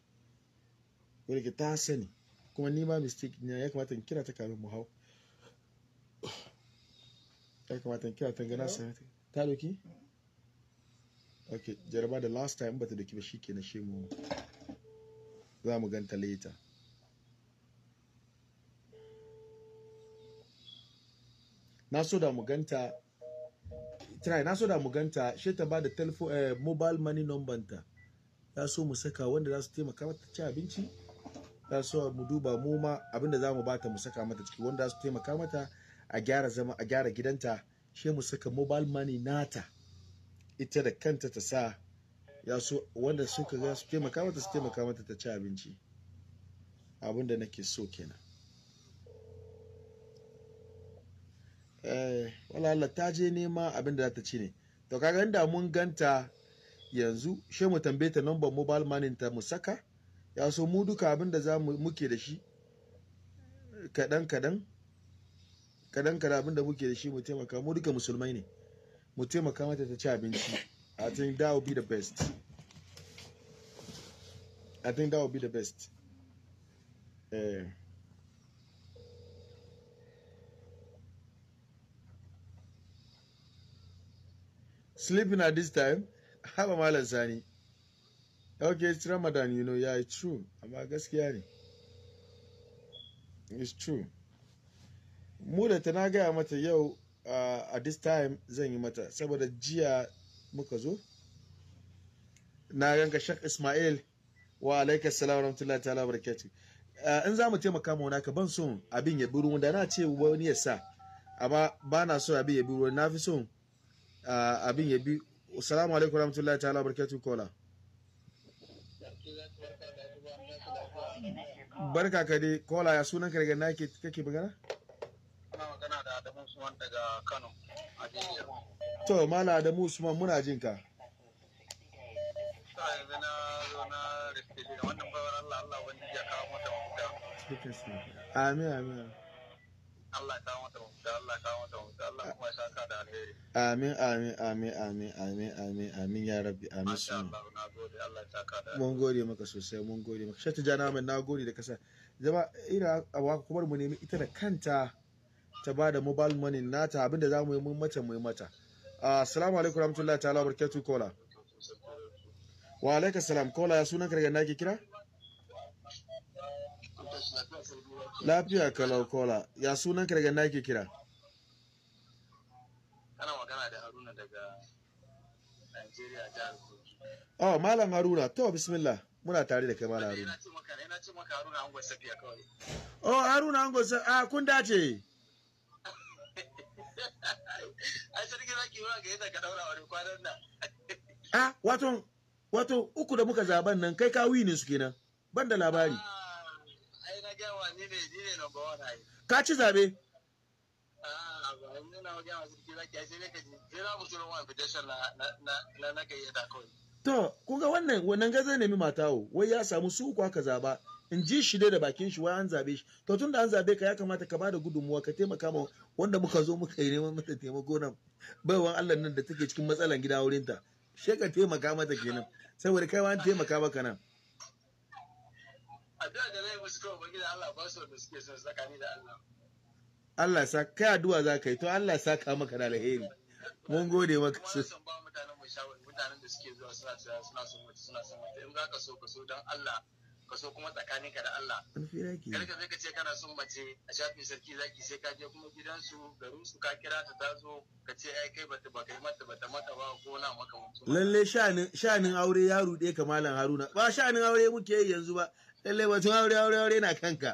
wadda ta sani kuma nima mistake ne ya kamata in kira ta kamin mu hau ya kamata in kira ta gana sami ta ta doki okay jaraba da last time bata doki ba shi ke na shi mu za mu ganta later na so da mu ganta try na so da mu ganta she ta bada telephone eh, mobile money number ta ya so mu saka wanda za su taimaka mata ci abinci ya so mu duba mu ma abinda za mu bata mu saka mata ciki wanda za su taimaka mata a gyara zama a gyara gidanta she mu saka mobile money nata ita da kanta ta sa ya so wanda suka ga su taimaka mata su taimaka mata ta ci abinci abinda nake so kenan Eh, wala ta je nema abin da za ta ci ne to kaga inda mun ganta yanzu she mu tambaye ta number mobile money ta mu saka ya so mu duka abin da muke da shi kadan kadan kadan kadan abin da muke da shi mu taimaka mu duka musulmai ne mu taimaka mata ta ci abinci i think that will be the best i think that will be the best eh sleeping at this time <laughs> haba malam sani okay it's ramadan you know yeah it's true amma gaskiya ne it's true mu da ta na gaya mata yau uh, at this time zan yi mata saboda jiya muka zo na ganka shak ismail wa alaikar salamu rahmatullahi ta'ala barakatu uh, in za mu taimaka mu wani ban son abin ya bi ruwan da na ce wani ya sa amma ba na so abin ya bi ruwan na fi son abin ya bi assalamu alaikum warahmatullahi ta'ala barkatu kola barka ka dai kola ya sunan karga na na kake magana ana magana da Adamu Usman daga Kano to mala Adamu Usman muna jin ka yanzu na amin amin amin amin amin amin amin amin amin ya rabbi amin su mun gode maka sosai mun gode maka shi tijana mai na gode da kasa zama ina awa kuma mu nemi ita da kanta ta ba da mobile money nata abinda za mu yi mun mata mu yi mata ah, assalamu alaikum warahmatullahi ta'ala barakatuh kola wa alaikum salam kola ya sunan ka daga nake kira Lafiya kalau kola. Ya sunan ka na ke kira? Kana magana da Haruna daga nigeria jihar Kogi. Oh, Malam Haruna, to bismillah. Muna tare da kai Malam Haruna. Ina ce maka, ina ce maka Haruna kawai. Oh, Haruna an Safiya, ah kun dace. <laughs> Ai sarki zaki yura ga yadda ka daura wani kwanan nan. Ah, wato wato uku da muka zaben nan kai kawi ne su kenan. Ban da labari. Ah. gyawa ni ne ni ne number one ka ci zabe To, kuga wannan wannan gaza nemi matawo, wai ya samu su uku aka zaba, in ji shi dai da bakin shi wai an zabe shi. To tun da an zabe ka ya kamata ka bada gudunmuwa ka taimaka ma wanda muka zo muka yi neman mata taimako nan. Baiwan Allah nan da take cikin matsalan gida wurin ta ka taimaka mata kenan. Saboda kai wani taimaka maka nan. addu'a da zai musu kawai bagida Allah ba su wanda suke son tsakani da Allah Allah sa kai addu'a za ka yi to Allah sa ka maka da alheri mun gode maka su ba mutanen mu shawari mutanen da suke zuwa suna tsaya suna son mutu suna son mutu in za ka so ka so dan Allah ka so kuma tsakanin ka da Allah kar ka zai ka ce kana son mace a shafin sarki zaki sai ka je kuma gidansu garin su ka kira ta tazo ka ce ai kai bata ba kai mata bata mata ba ko na maka mutum lalle sha'anin sha'anin aure ya rude ka malam Haruna ba sha'anin aure muke yanzu ba lalle batun aure aure aure na kanka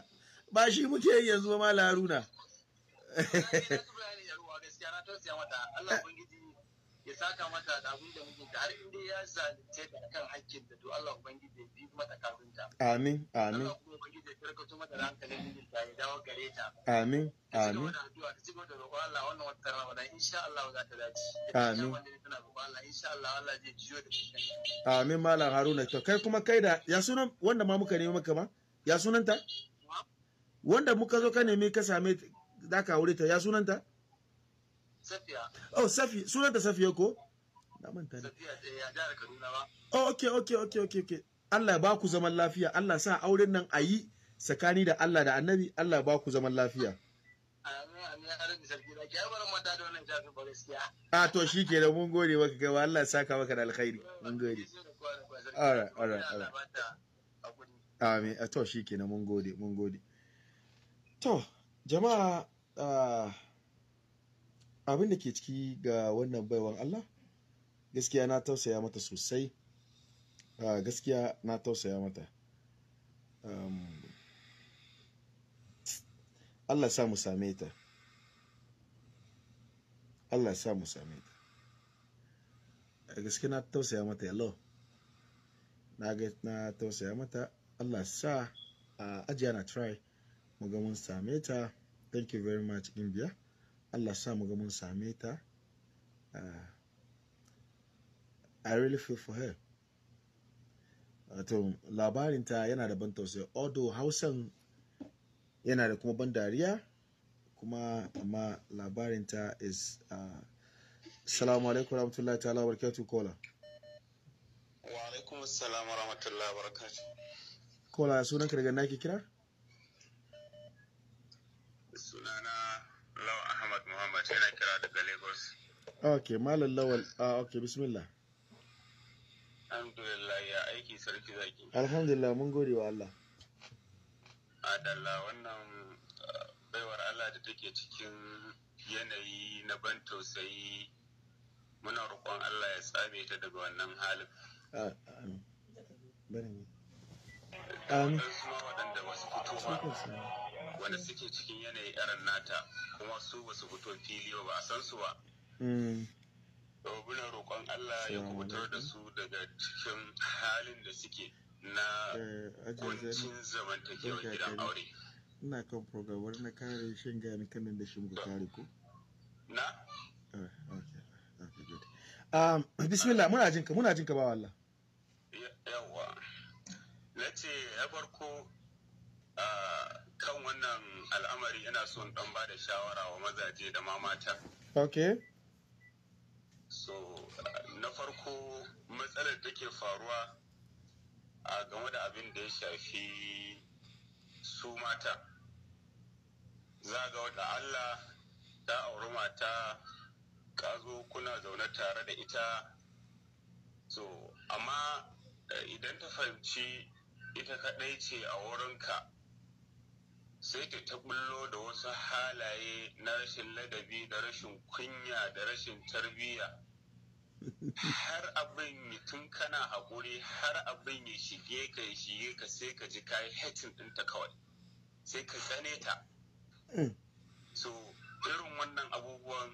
ba shi muke yanzu ba ma laruna. Allah mata da abin da muke har ya zalunce kan hakkin da to Allah ubangiji bi amin amin ya karkato mata da hankalin mijin ta ya amin amin amin amin malam Haruna to kai kuma kai da ya sunan wanda ma muka nemi maka ma ya sunanta wanda muka zo ka nemi ka same da ka aure ta ya sunanta Safiya. Oh, Safi, sunan ta Safiya ko? Na manta ne. Safiya ce ya jihar Kaduna ba. Oh, okay, okay, okay, okay, okay. Allah ya ba ku zaman lafiya, Allah sa auren nan a yi tsakani da Allah da Annabi, Allah ya ba ku zaman lafiya. A to shi ke da mun gode maka gaba Allah ya saka maka da alkhairi. Mun gode. Alright, alright, alright. Amin. A to shi ke da mun gode, mun gode. To, jama'a ah, abin da ke ciki ga wannan baiwan Allah gaskiya na tausaya mata sosai gaskiya na tausaya mata Allah sa mu same ta Allah sa mu same ta gaskiya na tausaya mata yallo na ga na tausaya mata Allah sa a ajiya na try mu ga mun same ta thank you very much in biya Allah sa mu ga mun same ta uh, I really feel for her wato labarinta yana da ban tausayi odo hausan yana da kuma ban dariya kuma amma labarinta is uh, ah, salamu alaikum rahmatullahi ta'ala wa barakatu kola wa alaikum assalamu rahmatullahi wa barakatu. kola sunan ka daga naki kira sunana law Muhammad yana kira daga Lagos. Ok, Malam Lawal, ah, ok, bismillah. Alhamdulillah ya aiki sarki zaki. Alhamdulillah mun gode wa Allah. Adalla wannan ah, baiwar Allah da take cikin yanayi na ban tausayi muna roƙon Allah ya tsame ta daga wannan halin. Ah, amin. Um, amin waɗanda ba wanda suke cikin yanayi irin nata kuma su ba su fito fili ba a san su ba mm. roƙon Allah ya kubutar da su daga cikin halin da suke na eh, kuncin zamantakewar gidan aure ina kan program na kare shin gani kanin da shi muka kare ko na eh, um, bismillah muna jinka muna jinka ba wallah na ce ya farko kan wannan al'amari yana son ɗan dan ba da shawara wa mazaje da ma mata so na farko matsalar da ke faruwa a game da abin da ya shafi su mata za ga wata Allah ta auri mata ka zo kuna zaune tare da ita so amma eh, idan ta fahimci ita kaɗai ce a wurinka sai ta ta bullo da wasu halaye na rashin ladabi da rashin kunya da rashin tarbiyya har abin tun kana haƙuri har abin ya shige ka ya shige ka sai ka ji kayi hatin ɗinta kawai sai ka tsane ta mm. so irin wannan abubuwan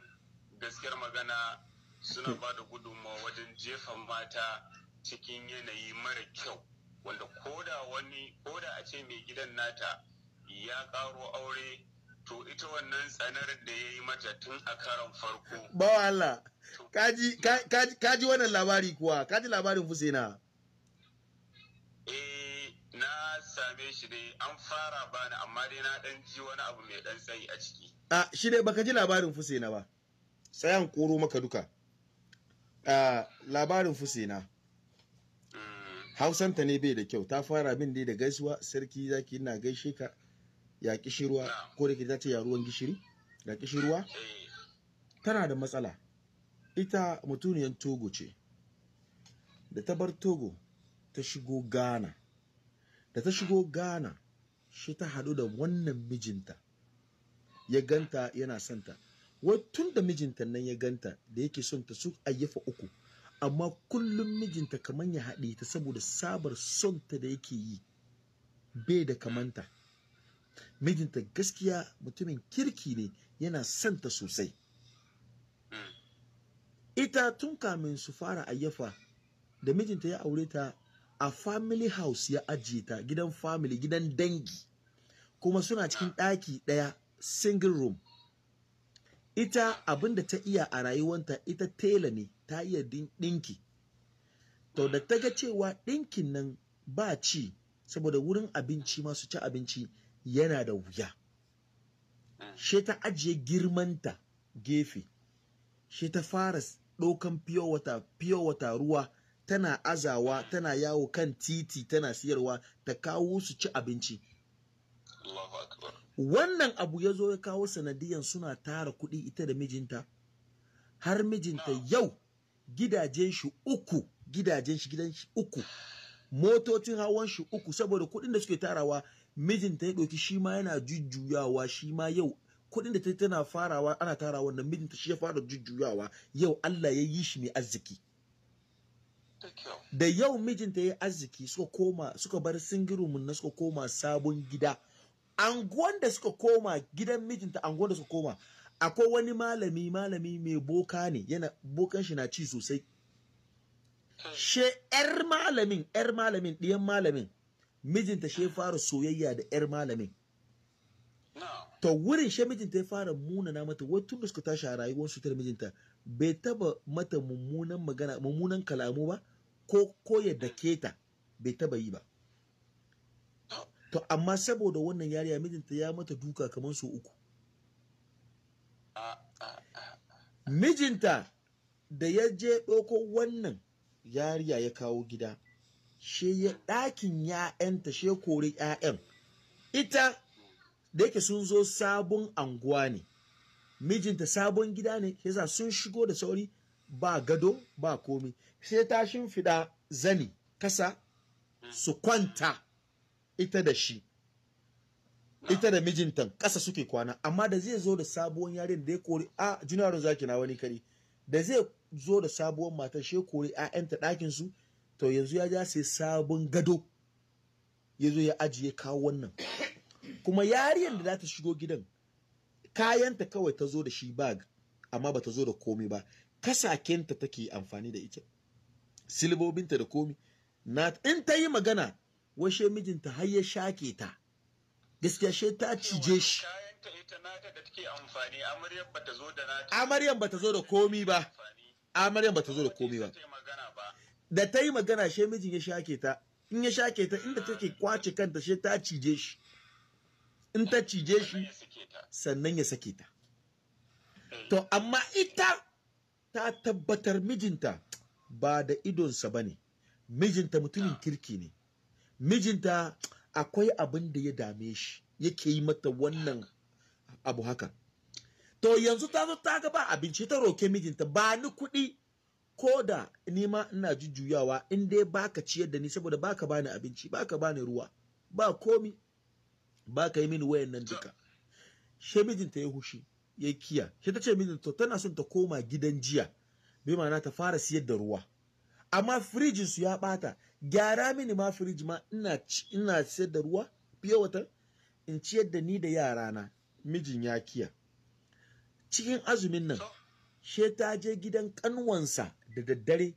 gaskiyar magana suna mm. ba da gudunmawa wajen jefa mata cikin yanayi mara kyau wanda koda wani koda a ce mai gidan nata ya karo aure to ita wannan tsanar da ya yi mata tun a karon farko ba Allah kaji kaji wannan labari kuwa kaji labarin Fusaina eh na same shi dai an fara bani amma dai na dan ji wani abu mai dan tsayi a ciki a shi dai baka ji labarin Fusaina ba sai an koro maka duka a labarin Fusaina hausanta ne bai da kyau ta fara bin dai da gaisuwa sarki zaki ina gaishe ka ya kishirwa ko da ke ta ce ya ruwan gishiri da kishirwa eh. tana da matsala ita mutuniyar togo ce da ta bar togo ta shigo ghana da ta shigo ghana shi ta haɗu da wannan mijinta ya ganta yana santa wai tun da mijinta nan ya ganta da yake son ta su ayyafa uku amma kullum mijinta kamar ya haɗe ta saboda sabar sonta da yake yi bai da kamanta mijinta gaskiya mutumin kirki ne yana son ta sosai ita tun kamin su fara ayyafa da mijinta ya aure ta a family house ya ajiye ta gidan family gidan dangi kuma suna cikin ɗaki ɗaya single room ita abin da ta iya a rayuwanta ita tela ne ta iya ɗinki to da ta ga cewa ɗinkin nan ba ci saboda wurin abinci masu ci abinci yana da wuya she ta ajiye girmanta gefe she ta fara ɗaukan fiye wata ruwa tana azawa tana yawo kan titi tana siyarwa ta kawo su ci abinci wannan abu ya zo ya kawo sanadiyan suna tara kuɗi ita da mijinta har mijinta yau gidajen shi uku gidajen shi gidan shi uku motocin hawan shi uku saboda kuɗin da suke tarawa mijinta ya ɗauki shi ma yana jujjuyawa shi ma yau kuɗin da ta tana farawa ana tarawa, wannan mijinta shi ya fara jujjuyawa yau Allah ya yi shi mai arziki da yau mijinta ya yi arziki suka koma suka bar singirumin na suka koma sabon gida anguwan da suka koma gidan mijinta anguwan da suka koma akwai wani malami malami mai boka ne yana bokan shi na ci sosai she yar malamin yar malamin ɗiyan malamin mijinta she fara soyayya da yar malamin to wurin she mijinta ya fara munana mata wai tun da suka tashi a rayuwar su tar mijinta bai taba mata mummunan magana mummunan kalamu ba ko ko ya dake ta bai taba yi ba to amma saboda wannan yariya mijinta ya mata duka kamar su uku mijinta da ya je ɗauko wannan yariya ya kawo gida she ya ɗakin ‘ya'yanta she kori ‘ya'yan ita da yake sun zo sabon anguwa ne mijinta sabon gida ne yasa sun shigo da sauri ba gado ba komi sai ta shimfiɗa zani kasa su kwanta ita da shi ita da mijintan ƙasa suke kwana amma da zai zo da sabuwar yarin da ya kori a junarun zaki na wani kari da zai zo da sabuwar matar shi kori ƴaƴanta ɗakin su to yanzu ya ja sai sabon gado ya zo ya ajiye kawo wannan kuma yariyar da za ta shigo gidan kayanta kawai ta zo da shi bag amma ba ta zo da komi ba kasakenta take amfani da ita silbobinta da komi na in ta yi magana washe mijinta har ya shake ta gaskiya she ta cije shi amaryan bata zo da komi ba amaryan bata zo da komi ba da ta yi magana she mijin ya shake ta in ya shake ta inda take kwace kanta she ta cije shi in ta cije shi sannan ya sake ta eh. to amma ita ta tabbatar mijinta ba da idonsa ba ne mijinta mutumin ah. kirki ne mijinta akwai abin da ya dame shi yake yi mata wannan abu haka to yanzu ta zo ta ga ba abinci ta roke mijinta ba ni kuɗi ko da ni ma ina jujjuyawa in dai baka ciyar da ni saboda baka bani abinci baka bani ruwa ba komi baka yi mini wayannan duka she mijinta ya hushi ya kiya she ta ce mijinta tana son ta koma gidan jiya bi ma'ana ta fara siyar da ruwa amma firijin su ya bata gyara mini ma firiji ma ina ina da ruwa fiye wata in ciyar da ni da yara na mijin ya kiya cikin azumin nan she ta je gidan kanwansa da daddare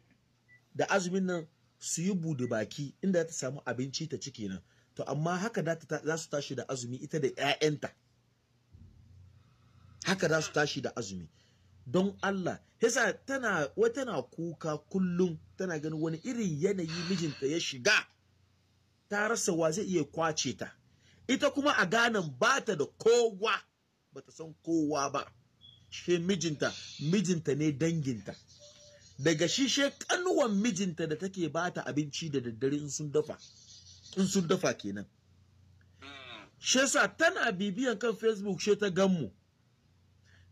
da azumin nan su yi budu baki inda ta samu abinci ta ciki nan to amma haka za su tashi da azumi ita da 'ya'yanta haka za su tashi da azumi don Allah yasa tana wata na kuka kullum tana ganin wani irin yanayi mijinta ya shiga ta rasa wa zai iya kwace ta ita kuma a ganan ta da kowa ba ta san kowa ba shi mijinta mijinta ne danginta daga shi she kanuwan mijinta da take bata abinci da daddare in sun dafa in sun dafa kenan hmm. Shesa tana bibiyan kan facebook she ta gan mu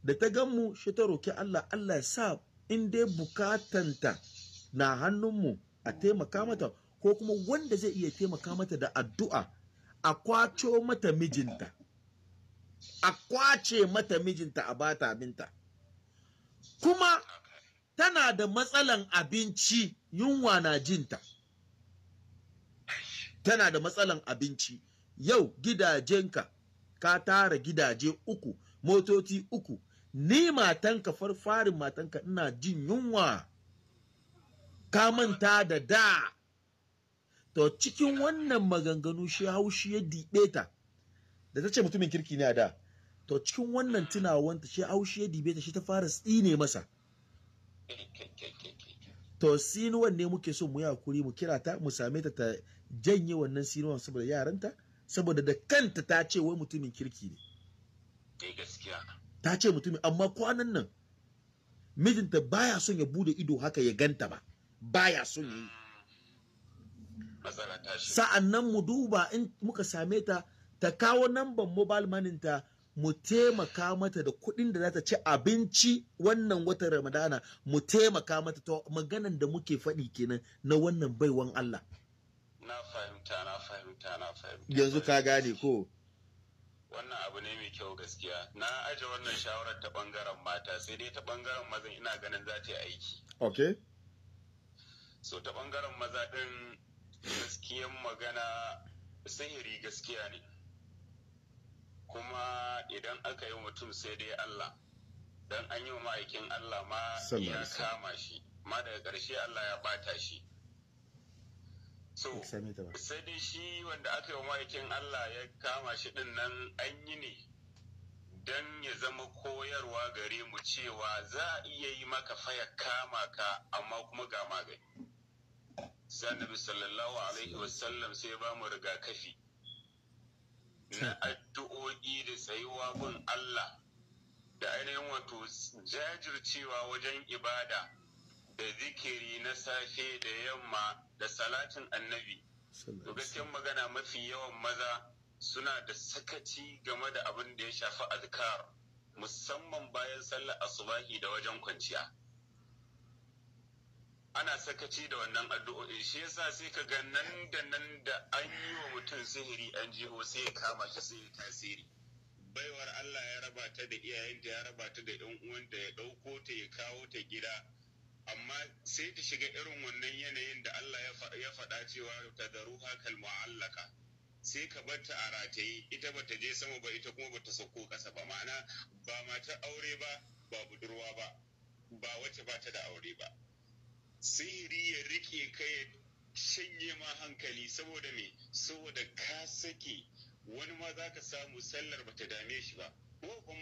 da ta gan mu shi ta roki Allah Allah ya sa in dai bukatanta na hannunmu a taimaka mata ko kuma wanda zai iya taimaka mata da addu'a a kwaco mata mijinta a kwace mata mijinta a bata abinta kuma tana da matsalan abinci yunwa na jinta tana da matsalan abinci yau gidajenka ka tara gidaje uku motoci uku ni matanka farfarin matanka ina jin yunwa ka manta da da to cikin wannan maganganu shi haushi ya dibe ta da ta ce mutumin kirki ne a da to cikin wannan ta shi haushi ya dibe ta shi ta fara tsine masa to sinuwan ne muke so mu yi hakuri mu kira ta mu same ta ta janye wannan sinuwan saboda yaranta saboda da kanta ta ce wai mutumin kirki ne eh, ta ce mutumin amma kwanan nan mijinta baya son ya bude ido haka ya ganta ba baya son ya yi sa'an nan mu duba in muka same ta ta kawo namban mobile money ta mu taimaka mata da kuɗin da za ta ci abinci wannan watan ramadana mu taimaka mata ta maganan da muke faɗi kenan na wannan baiwan Allah na fahimta na fahimta na fahimta yanzu ka gane ko wannan abu ne mai kyau gaskiya na aje wannan shawarar ta bangaren mata sai dai ta bangaren maza ina ganin za ta yi aiki okay so ta bangaren maza din gaskiyan magana sihiri gaskiya ne kuma idan aka yi mutum sai dai Allah dan an yi wa ma'aikin Allah ma ya kama shi ma daga ƙarshe Allah ya bata shi so sai shi wanda aka yi wa ma'aikin Allah ya kama shi din nan an yi ne don ya zama koyarwa gare mu cewa za a iya yi maka faya kama ka amma kuma ga magani sannabi sallallahu alaihi wasallam sai ba mu rigakafi na addu'o'i da tsayuwa bin Allah da ainihin wato jajircewa wajen ibada da zikiri na safe da yamma da salatin annabi to gaskiyar magana mafi yawan maza suna da sakaci game da abin da ya shafi azkar musamman bayan sallar asubahi da wajen kwanciya ana sakaci da wannan addu'o'i shi yasa sai ka ga nan da nan da an yi wa mutum sihiri an jiho sai ya kama shi sai ya tasiri baiwar Allah ya rabata ta da iyayenta ya rabata da yan uwanta ya ɗauko ta ya kawo ta gida amma sai ta shiga irin wannan yanayin da Allah ya faɗa cewa ta da ruha hakal mu'allaka sai ka barta a rataye ita ba ta je sama ba ita kuma ba ta sauko ƙasa ba ma'ana ba matar aure ba ba budurwa ba ba wacce ba ta da aure ba sihiri ya rike ka ya shanye ma hankali saboda me saboda ka sake wani ma za ka samu sallar ba ta dame shi ba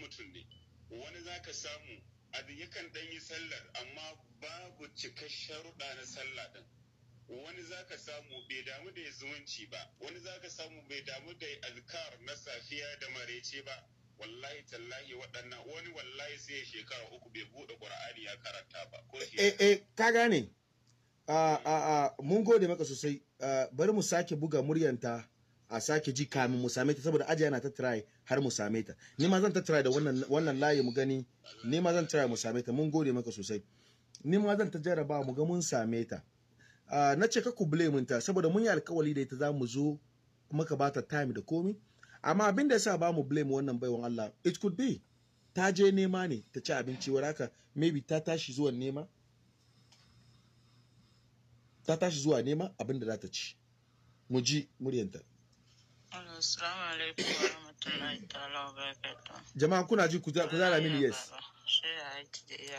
mutum ne wani za ka samu abin yakan ɗan yi sallar amma babu cikakken ruɗa na sallah ɗin wani za ka samu bai damu da ya zumunci ba wani za ka samu bai damu da azkar na safiya da marece ba wallahi tallahi waɗannan wani wallahi sai ya shekara uku bai buɗe ƙur'ani ya karanta ba eh eh ka gane ah, ah, ah, mun gode maka sosai bari mu sake buga muryanta a sake ji kamin mu same ta saboda ajiya na ta try har mu same ta ni ma zan ta try da wannan wannan layi mu gani ni ma zan try mu same ta mun gode maka sosai ni ma zan ta jaraba mu ga mun same ta na ce ka ku blame ta saboda mun yi alkawali da ita za mu zo maka ba ta time da komi amma abin da yasa ba mu blame wannan baiwan Allah it could be ta je nema ne ta ci abinci waraka maybe ta tashi zuwa nema ta tashi zuwa nema abin da za ta ci mu ji muryanta Assalamu alaikum wa rahmatullahi ta'ala wa barakatuh. Jama'a kuna ji ku zana mini yes.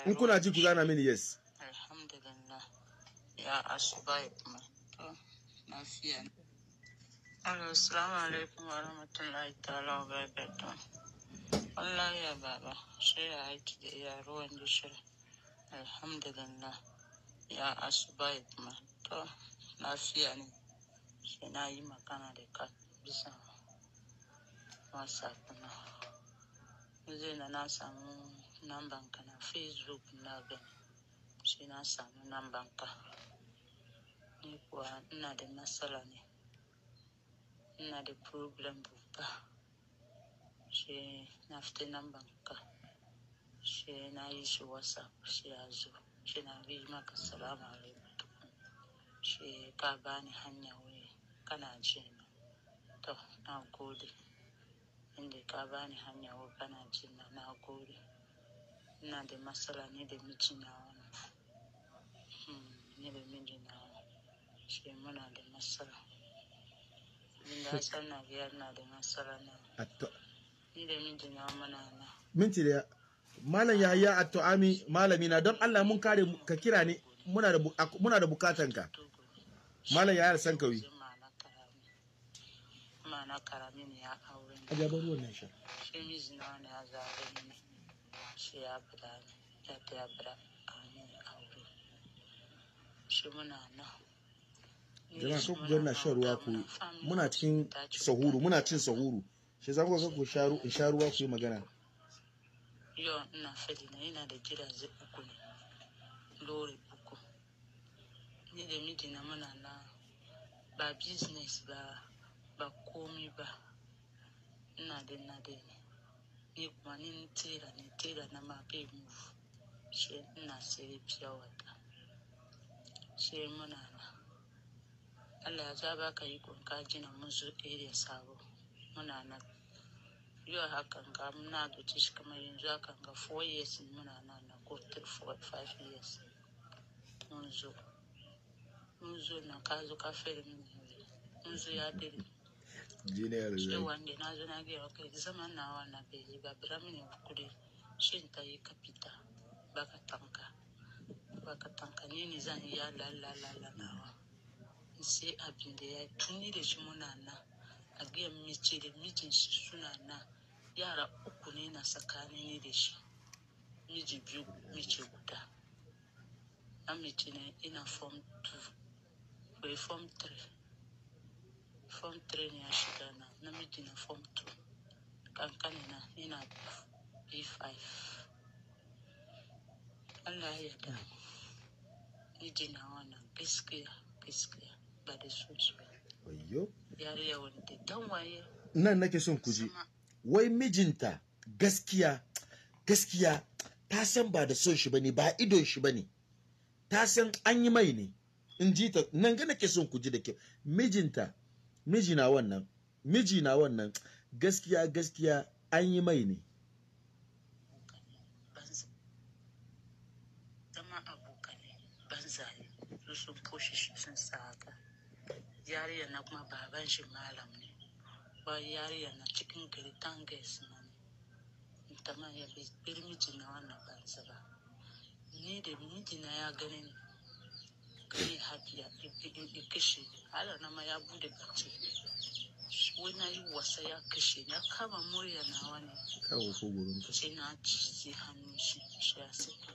In kuna ji ku zana mini yes. Alhamdulillah. Ya asuba kuma. Lafiya. Assalamu alaikum wa rahmatullahi ta'ala wa barakatuh. Allah ya baba, sai ya aiki da iya ruwan gishiri. Alhamdulillah. Ya asuba kuma. To, na lafiya ne. Sai na yi magana da kai. bisa whatsapp na zai na na samu namban ka na facebook na gani shi na samu namban ka ni kuwa ina da matsala ne ina da problem babba shi na fita namban ka shi na yi shi whatsapp shi ya zo shi na bi maka salama alaikum shi ka bani hanya wuri kana To, na gode. Inda ka bani hanya wa kana jina na gode. Ina da matsala ne da na wani. Hmm, ne da na wani. Shi muna da matsala. Inda san na biyar na da matsala na. Ni da na muna na. Minti da Malam ya yi a to'ami malami na don Allah mun kare ka kira ne muna da bukatanka. Malam ya yi san kawai. mana karamin ya aure ne. Aja ruwan nan sha. Shi miji Shi ya Ya ta ya fada aure. Shi muna nan. Jama'a so ku zanna shan muna cikin sahuru muna cin sahuru. Shi za ku ga ku sha magana. Yau ina fadi na yana da gidaje uku Lori uku. Ni da na muna na ba business ba ba komi ba ina da ina da ne ni kuma ni tera ne tera na ma bai move she ina sai fiya wata she muna na Allah ya zaba ka yi kunka jina mun zo area sabo muna na yau hakan ga muna da tish kamar yanzu hakan ga 4 years muna na na ko 3 5 years mun zo mun zo na ka zo ka fere mun zo ya dare wanje nazo nagera okegezama nawa nabeyi babirami nebukule shentayo bakatanka bakatanka nini zanyi yalalalala nawa nse abinde yatunire chimunana agiya michere mijin shisunana yara uku na tsakanini da shi miji biyu miji guda na ina form 2 bai form 3 form three ne ya shiga na namiji na form 2 kankani na yana b5 allah ya da miji na wannan gaskiya gaskiya ba da sun su yariya wanda dan waye nan nake son kuji wai mijinta gaskiya gaskiya ta san ba da son shi ne ba idon shi ne ta san an yi mai ne in ji ta nan ga nake son kuji da kyau mijinta miji na wannan miji na wannan gaskiya gaskiya an yi mai ne zama abokanai banza ne sun koshe shi sun saka yariyar na kuma baban shi malam ne ba yariyar na cikin gari tanga suna ne ta ma ya bai mijina wannan banza ba ni da na ya gani ne clear hakiya ya kashe ni Allah na ma ya bude baki wani yi wasa ya kashe ya kama murya nawa ne kawo ko gurin sai na ci hannun shi shi ya saka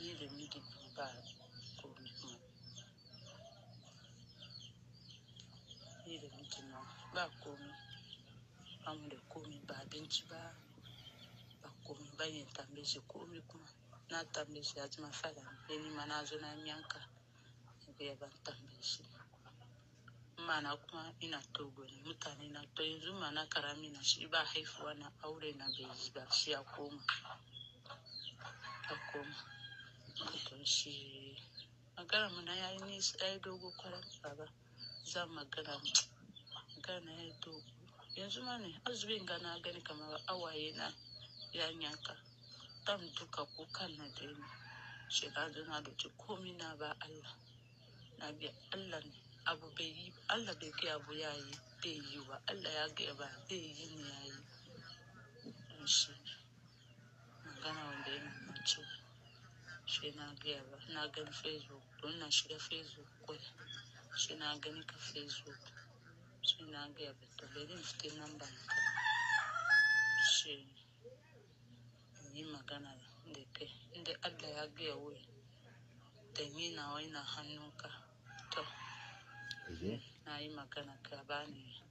ni da ni da ba ko ni kuma ni da ni kuma ba komi ba mu da komi ba abinci ba ba komi na tambaye shi ya ji mafada sai ni ma na nyanka, na yanka ya ban tambaye shi mana kuma ina togo ne mutane na to yanzu mana karami na shi ba haifuwa na aure na bai yi ba shi ya koma ya koma don shi magana mu ya yi nisa ya yi dogo kwaran baba za magana magana ya yi dogo yanzu ma ne azumin gana gani kamar awaye na nyanka. kan duka kan na daina shiga da roki komi na ba Allah na bi Allah abu bai yi Allah bai kai abu ya yi bai yi ba Allah ya gaya ba bai yi ne ya yi shi magana wanda ya nan cewa shi na gaya ba na gani facebook don na shiga facebook kwaya shi na gani ka facebook shi na gaya ba to bai fitin nan ba shi yi magana da kai inda Allah ya gaya wai da ni na waina hannunka to na yi magana ka bani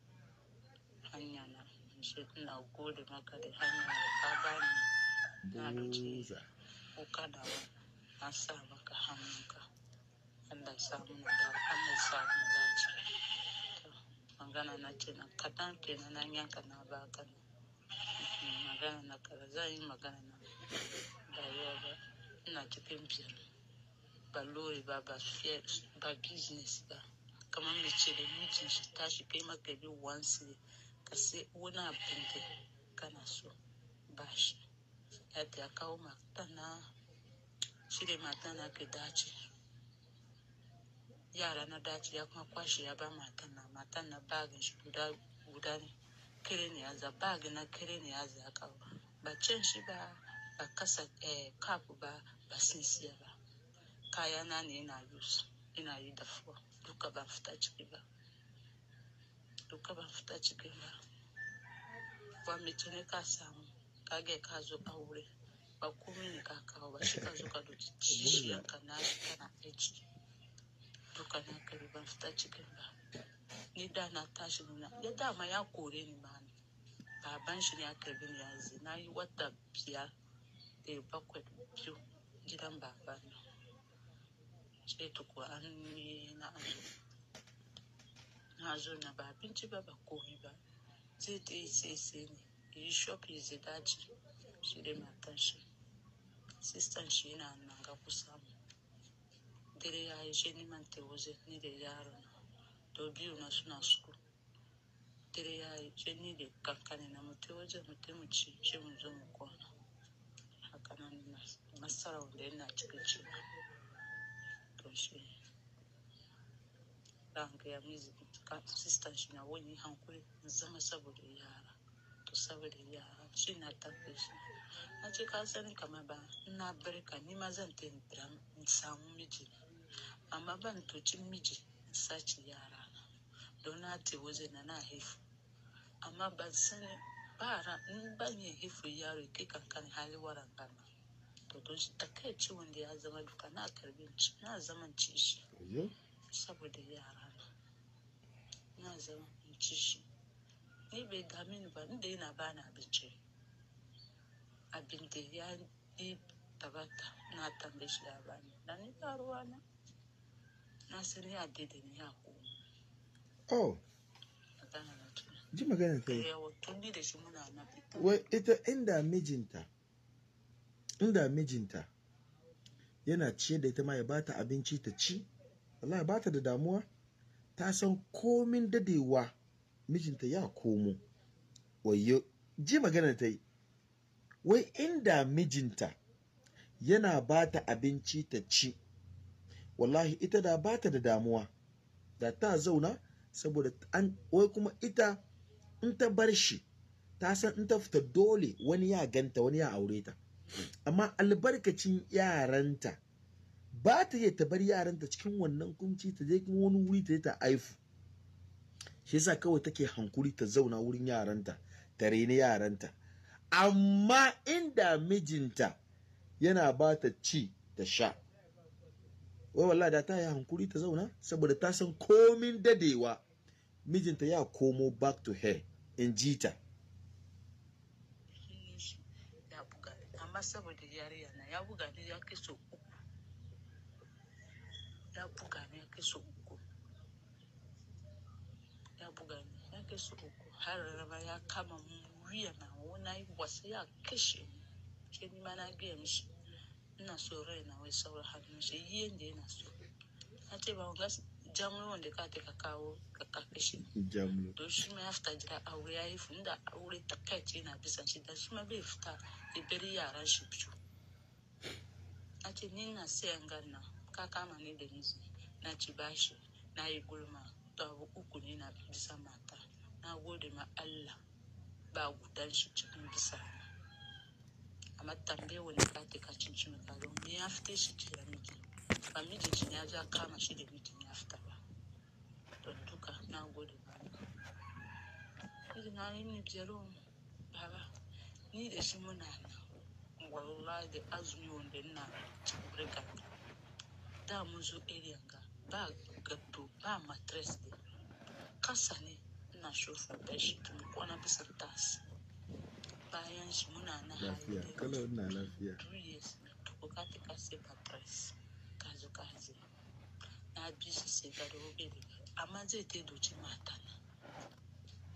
hanya na shi na gode maka da hanya da ka bani na duci kuka da na sa maka hannunka Allah samu na da Allah samu da dace magana na ce na kadan ke na yanka na baka magana na kara zan yi magana na rayuwa ba ina cikin biyar ba lori ba ba ba business ba kamar mace da mijin shi tashi kai maka bi wansi ka sai wani abin da kana so ba shi ya ta kawo mata na shi da mata na ke dace yara na dace ya kuma kwashe ya ba matan na matan na bagin shi guda guda ne kireniyaza bag na kireniyaza ka ba eh, cin shi ba ba kasa eh, ba ba sinsiya ba kaya na ne ina use ina yi fuwa duka ba fita ciki ba duka ba fita ciki ba ba mace ne ka samu kage ka zo aure ba komai ne ka kawo ba shi ka zo ka doki shi ka na kana aiki duka na kari ba fita ciki ba ni da na tashi nuna ya dama ya kore ni ma ne baban shi ne ya karbi ni yanzu na yi wata biyar da bakwai biyu gidan baban nan sai tuku an yi na azo na zo na ba abinci ba ba komi ba zai ta yi sai sai ne yi shop ya zai daji shi da matan shi sistan shi yana nan ga kusa mu dare ya yi shi neman tewo zai ni da yaro na. to biyu na suna suku dare ya yi jini da kankani na mutu wajen mutu mu ci ce mu zo mu kwana haka nan masara wanda yana cikin ci to shi ran ga ya mizi sistan shi na wani hankuri zama saboda yara to saboda yara shi na tafi shi na ce ka sani kamar ba ina barka ni ma zan ta in samu miji amma ban tocin miji sace yara donati waje na na haifu amma ban sani bara in ban yin haifu yaro ke kankan hali waran gana to don shi takaici wanda ya zama duka na karbi na zaman ci shi saboda yara na zaman ci shi ni bai gamin ba inda yana bani abinci abin da ya yi tabata na tambaye shi da bani da ni ba ruwa na na sani a ni ya koma oh ji magana ta yi eh, wai ita inda mijinta inda mijinta yana ciye da ita ma ya bata abinci ta ci Allah ya bata da damuwa ta san komin dadewa mijinta ya komo wayo ji magana ta yi wai inda mijinta yana bata abinci ta ci wallahi ita da bata da damuwa da ta zauna saboda an wai kuma ita in ta bar shi ta san in ta fita dole wani ya ganta wani ya aure ta amma albarkacin yaranta ba ta iya ta bar yaranta cikin wannan kunci ta je kuma wani wuri ta je ta aifu shi yasa kawai take hankuri ta zauna wurin yaranta ta reni yaranta amma inda mijinta yana ba ta ci ta sha wai wallahi da ta yi hankuri ta zauna saboda ta san komin dadewa mijinta ya komo back to her in ji jamu wanda ka ta ka kawo ka kashe shi don shi ma ya fita aure ya yi da aure ce na bisa shi da shi ma bai fita ya bari yara shi biyu na ce ni na sayan ganna ka kama ni da miji na ci bashi na yi gulma to abu uku ne na bisa mata na gode ma Allah ba gudan shi cikin bisa amma tambaye wani ka ta ka cin shi mai ya fita shi ce da miji ba mijin shi ya ja kama shi da mijin ya fita na gode na ne jerome baba ni da shi muna nan wallahi da azumi wanda na cikin da mun zo area ga ba gado ba matres ne kasa ne ina shofa bashi mu kwana bisa tas bayan shi muna na lafiya kala na lafiya years ka sai ka na bi shi sai gado amma zai ta doci mata na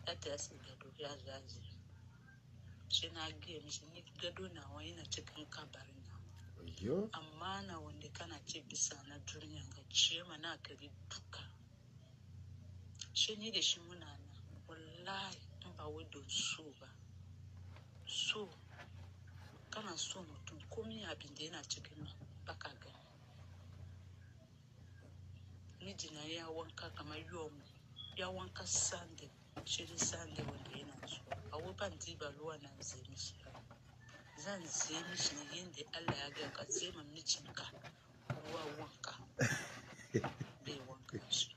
ya gado ya zaje shi na gaya mishi ni gado na yana cikin kabarin nawa amma na wanda kana ce bisa na duniya ga ciye mana kari duka shi ni da shi muna na wallahi in ba wai don so ba so kana so mutum komi abin da yana cikin baka gani mijina ya wanka kamar yawon ya wanka sande shirin sande wanda yana zuwa a wuban diba ruwa na zai mishi zan zai mishi ne yadda allah ya ga ka zai ma mijinka ruwa wanka <laughs> bai wanka shi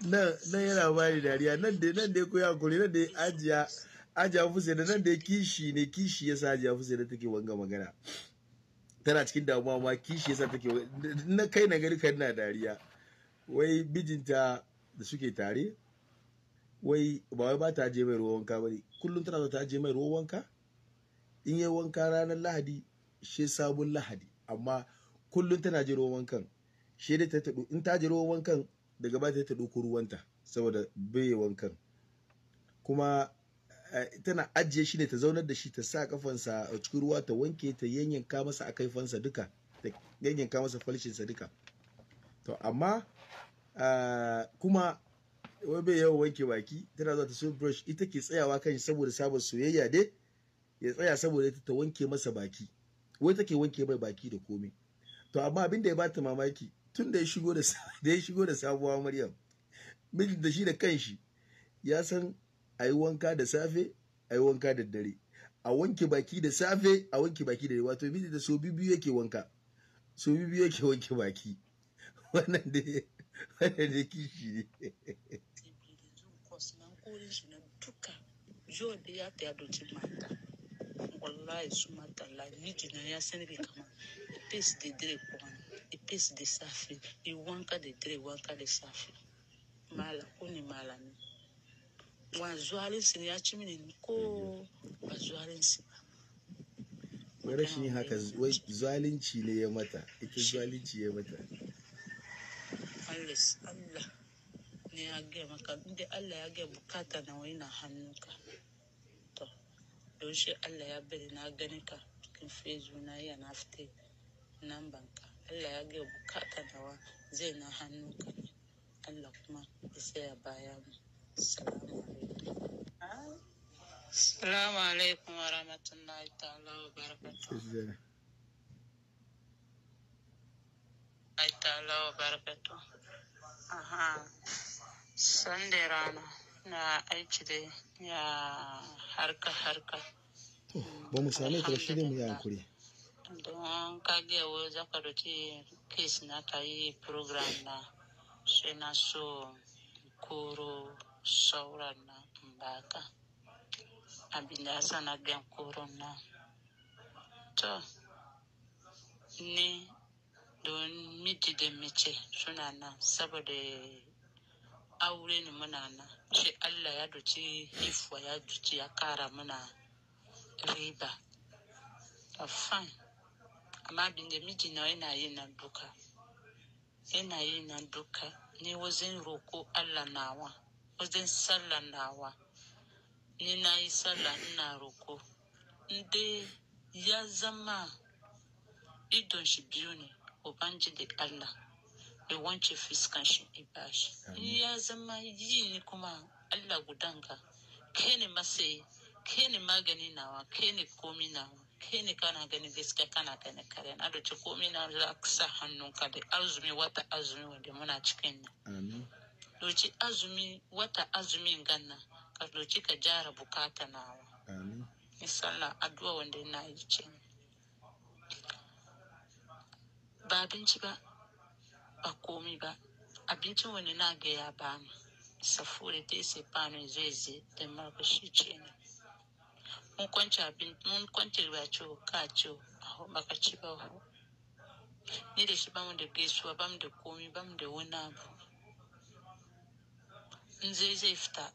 nan nan yana bari dariya nan dai nan dai koya kuri nan dai ajiya ajiya fuse da nan dai kishi ne kishi yasa ajiya fuse da take wanga magana tana cikin damuwa ma kishi yasa take na kai na gari kai na dariya wai bijinta da suke tare wai ba wai ba ta je mai ruwan wanka bane kullum tana ta je mai ruwan wanka in yayi wanka ranar lahadi she sabon lahadi amma kullum tana je ruwan wankan she da ta tado in ta je ruwan wankan daga ba ta ta ruwanta saboda bai wankan kuma tana ajiye shi ne ta zaunar da shi ta sa kafansa a cikin ruwa ta wanke ta yanyanka masa a kaifansa duka ta yanyanka masa falshinsa duka to amma kuma wai bai yawan wanke baki tana zuwa ta so brush ita ke tsayawa kan saboda sabon soyayya dai ya tsaya saboda ita ta wanke masa baki wai take wanke mai baki da komai to amma abin da ya bata mamaki tun da ya shigo da <laughs> sabuwa Maryam mijin da shi da kanshi ya san a yi wanka da safe a yi wanka da dare a wanke baki da safe a wanke baki da dare wato bi da so biyu yake wanka so biyu yake wanke baki <laughs> wannan da <laughs> wannan da kishi ne Joe da ya ta ya doci mata. wallahi su matala miji na ya sani bi kama ipesi de dere kwan ipesi de safi wanka de dere wanka de safi mala kuni mala ne Wa halinsu ne ya ci mini ko mhm. wazo halinsu wai rashin haka zalunci ne ya mata ita zalunci ya mata Allah ne ya gaya maka inda Allah ya gaya bukata na wani na hannunka to don shi Allah ya bari na gani ka cikin fezu na na fite nan banka Allah ya gaya bukata na wa zai na hannunka Allah kuma ya saya baya mu salamu alaikum Assalamu alaikum wa rahmatullahi ta'ala wa barakatuh. ta'ala wa Aha. Sunday rana na aiki dai ya harka harka. Ba mu Don kage wo na na so abinda ya sa na koron nan to ni don miji da mace suna nan saboda aure ne muna nan shi allah ya doci ifuwa ya doci ya kara muna riba a fan amma da miji na yana yi nan duka yana yi nan duka ni wajen roko allah nawa wajen sallah nawa ni na yi sallah ina roko dai ya zama idon shi biyu ne ubangiji allah ya wance fiskan shi shi ya zama yi ne kuma allah gudanka ke ne masai ke ne magani nawa ke ne komi nawa ke ne kana gani gaskiya kana gani kare na da komi na za ka sa hannunka da azumi wata azumi wanda muna cikin na doci azumi wata azumin ganna ka doki ka jara bukata nawa ni sallah addu'a wanda ina yi ce ba abinci ba ba komi ba abincin wani na ga ya ni safure ta isa pano zai zai da shi ce ne mun kwanci abinci mun kwanci ba ce ka ce a baka ci ba ko? ni da shi ba mu da gaisuwa ba mu da komi ba mu da wani abu in zai zai fita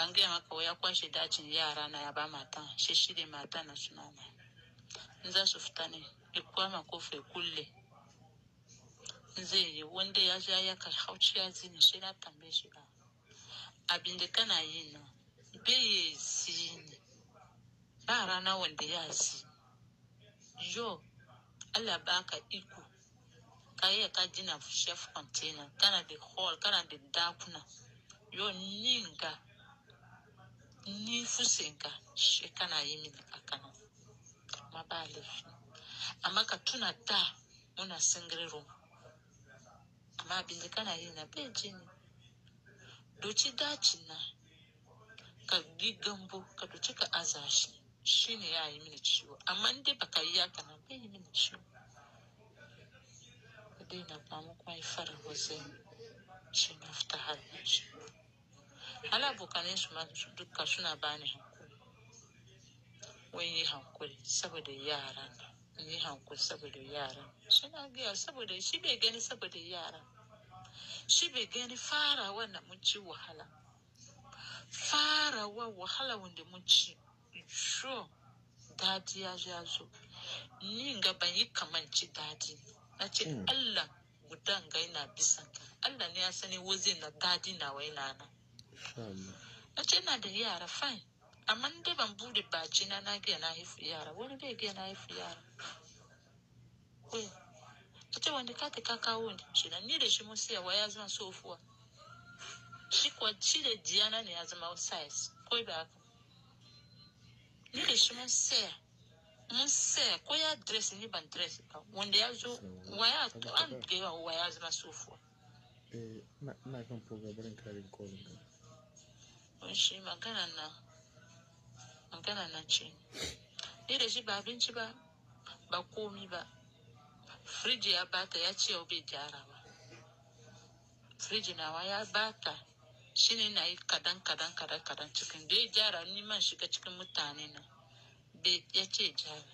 bange maka oyakwa shidajin yara na yaba matan sheshide mata na sunana nza sufutani ekuama kofu ekulle nze ye wonde yaje ayaka hauchi yazini shena tambe shiba abindeka na yino mpe yezini bara na wonde yazi yo ala baka iku kaye ka dina chef container kana de hall kana de dakuna yo ninga n'ifu senga shekana yimina na mabale amma ka tuna da muna singiriro amma ama kana yi na beji ne doci daci na ka yi gambo ka doci ka aza shi shi ne ya ayi mini ciwo amma dai baka ya haka na bai yi mini ciwo ka na ba mu kuma yi fara na fita ana abokanin su ma duka suna bani hankuri wai yi hankuri saboda yara yi hankuri saboda yara suna gaya saboda shi bai gani saboda yara shi bai gani fara wannan mun ci wahala farawa wahala wanda mun ci sho dadi ya ya zo ni ga ban yi ci dadi na ce hmm. Allah gudan ga yana bisan Allah ne ya sani wazin na dadi na waina na na ce na da yara fine amma dai ban bude baci na na gaya na haifu yara wani bai gaya na haifu yara a ce wanda ka ta kakawo ne shi na ni da shi mun siya wa ya zama sofuwa shi kuwa shi da diana ne ya zama size ko ba haka ni da shi mun siya mun siya ko ya dress ni ban dress ba wanda ya zo waya an gaya wa ya zama sofuwa eh na kan program barin karin kolin kan kunshi magana nan magana nan ce ni da shi ba abinci ba ba komi ba firiji ya bata ya ce yau bai gyara ba firiji nawa ya bata shi ne na yi kadan kadan kadan kadan cikin bai gyara ni man shiga cikin mutane nan ya ce gyara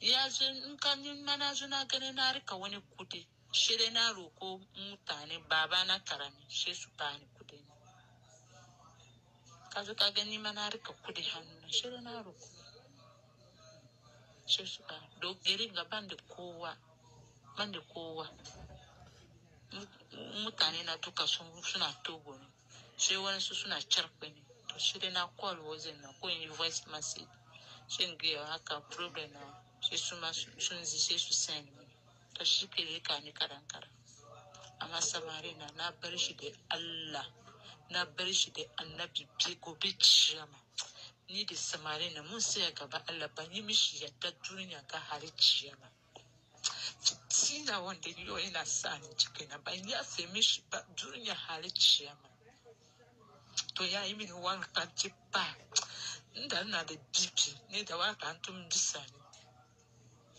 ya zo in ka mana zo na gani na rika wani kudi shi dai na roko mutane baba na karami sai su bani kaga ka gani ma na rika kudi hannu na shiru na ruku sai suka do ga gaban kowa ban da kowa mutane na duka suna togo ne sai wani su suna carfe ne to shi na call wazin na ko in yi voice message sai in gaya haka problem na sai su ma sun zi sai su send ne to shi ke rika ni karan karan amma samari na na bar shi da Allah na bar da annabi bi gobe ciyama ni da samari na mun saya gaba Allah ban yi mishi yadda duniya ga hari ciyama fitina wanda yau yana sa ni cikin na ban ya sai mishi ba duniya hari ciyama to ya yi mini wanka ci inda ina da bibi ne da waka tun bisa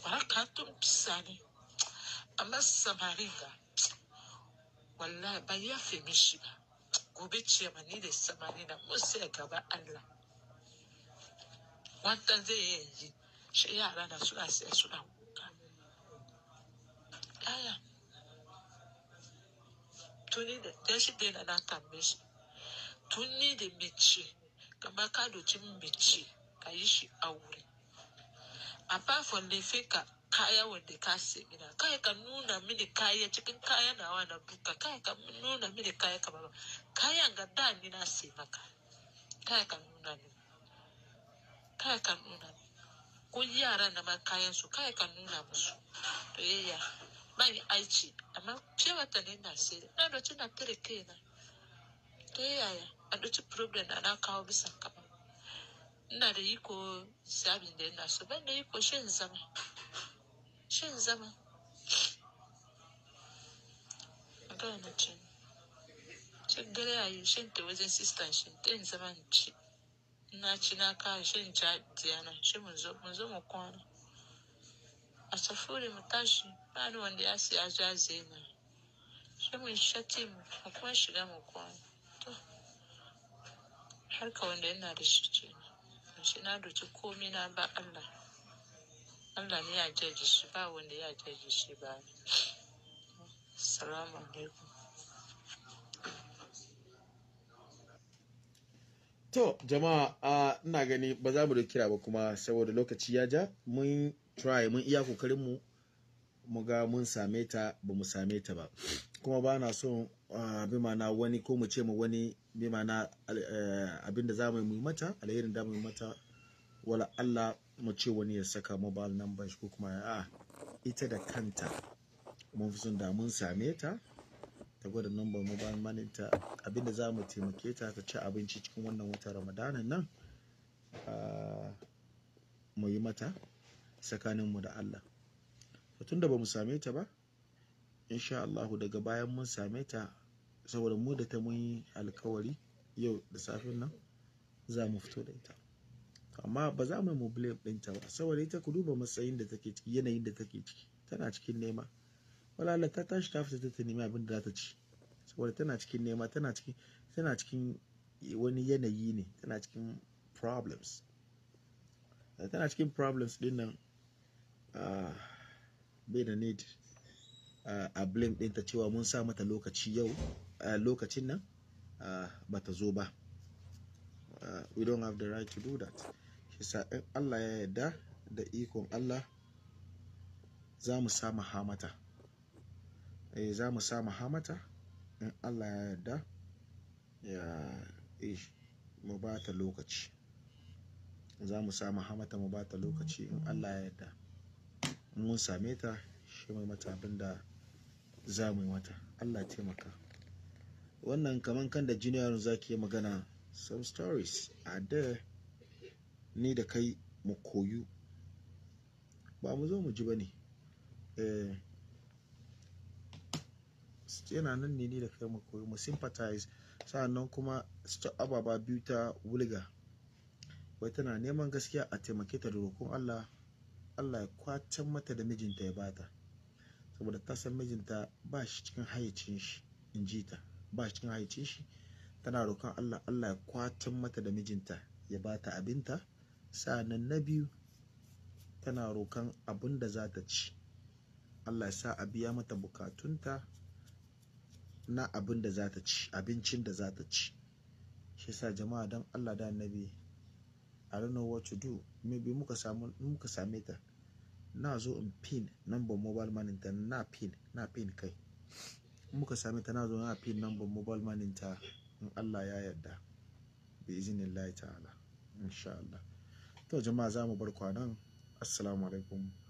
waka tun bisa amma samari ga wallahi ban ya fi mishi ba gobe mani da samani na musu ya gaba Allah wannan zai yi yanzu shi yara na suna sai suna kuka yaya tuni da ya shi dai na nata mishi, tuni da mece, kamar ka doci ka yi shi aure apart from ka. kaya wanda ka sai mina kai ka nuna mini kaya cikin kaya nawa na duka kai ka nuna mini kaya ka baba kayan ga da ni na sai maka kai ka nuna mini kai ka nuna mini ko yara na ma kayan su kai ka nuna musu to yayya ban aiki amma cewa ta ne na sai na doci na tare kai na to yaya a doci problem na na kawo bisa kama ina da iko sabin da ina so ban da iko shin zama shin zama a ga na cin a yi shin ta wajen sistan shi ta yin zama ci na ci na ka? shin ja diyana shi mun zo mu kwana a safuri mu tashi ba ni wanda ya siya ja zena shi mun sha tim mu kuma shiga mu kwana to harka wanda yana da shi ce shi na doki komi na ba Allah Allah To jama'a ina gani ba za mu da kira ba kuma saboda lokaci ya ja mun try mun iya kokarin mu mu ga mun same ta ba mu same ta ba kuma ba na son bi mana wani ko mu ce mu wani bi mana eh, abin da za mu yi mata alherin da mu yi mata wala Allah mu ce wani ya saka mobile number shi ko kuma a ah, ita da kanta mun fi son da mun same ta ta gwada number mobile money ta abinda za mu taimake ta ta ci abinci cikin wannan wata ramadanan nan ah, mu yi mata mu da Allah tun da ba mu same ta ba insha Allahu daga bayan mun same ta saboda mu da ta mun yi alkawari yau da safin nan za mu fito da ita amma ba za mu yi blame ɗinta ba saboda ita ku duba matsayin da take ciki yanayin da take ciki tana cikin nema walala ta tashi ta fita ta nemi abin da za ta ci saboda tana cikin nema tana cikin tana cikin wani yanayi ne tana cikin problems tana cikin problems din nan ah, bai da need ah, a blame ɗinta cewa mun sa mata lokaci yau ah, lokacin nan bata zo ba we don't have the right to do that isa in allah ya yarda da ikon allah za mu samu hamata eh za mu samu hamata in allah ya yarda ya eh mu ba ta lokaci za mu samu hamata mu ba ta lokaci in allah ya yarda mun same ta shi mai mata abin da za mu yi mata allah taimaka wannan kaman kan da junior zaki magana some stories are there ni da kai mu koyu ba mu zo mu ji ba ne eh, yana nan ne ni da kai mu koyu mu sympathize sa'annan kuma ababa biyu ta wulga wai tana neman gaskiya a taimake ta da roƙon Allah Allah ya kwacen mata da mijinta ya bata saboda ta san mijinta ba shi cikin hayyacin shi in ji ta ba shi cikin hayyacin shi tana roƙon Allah Allah ya kwacen mata da mijinta ya bata abinta sa'annan na biyu tana roƙon abin da za ta ci Allah ya sa a biya mata bukatunta na abin da za ta ci abincin da za ta ci shi sa jama'a don Allah da annabi I a know what to do maybe muka samu muka same ta na zo in pin number mobile money ta na pin na pin kai muka same ta na zo na pin number mobile money ta in Allah ya yarda bi layi ta'ala insha Allah to jama'a za mu bar kwanan assalamu alaikum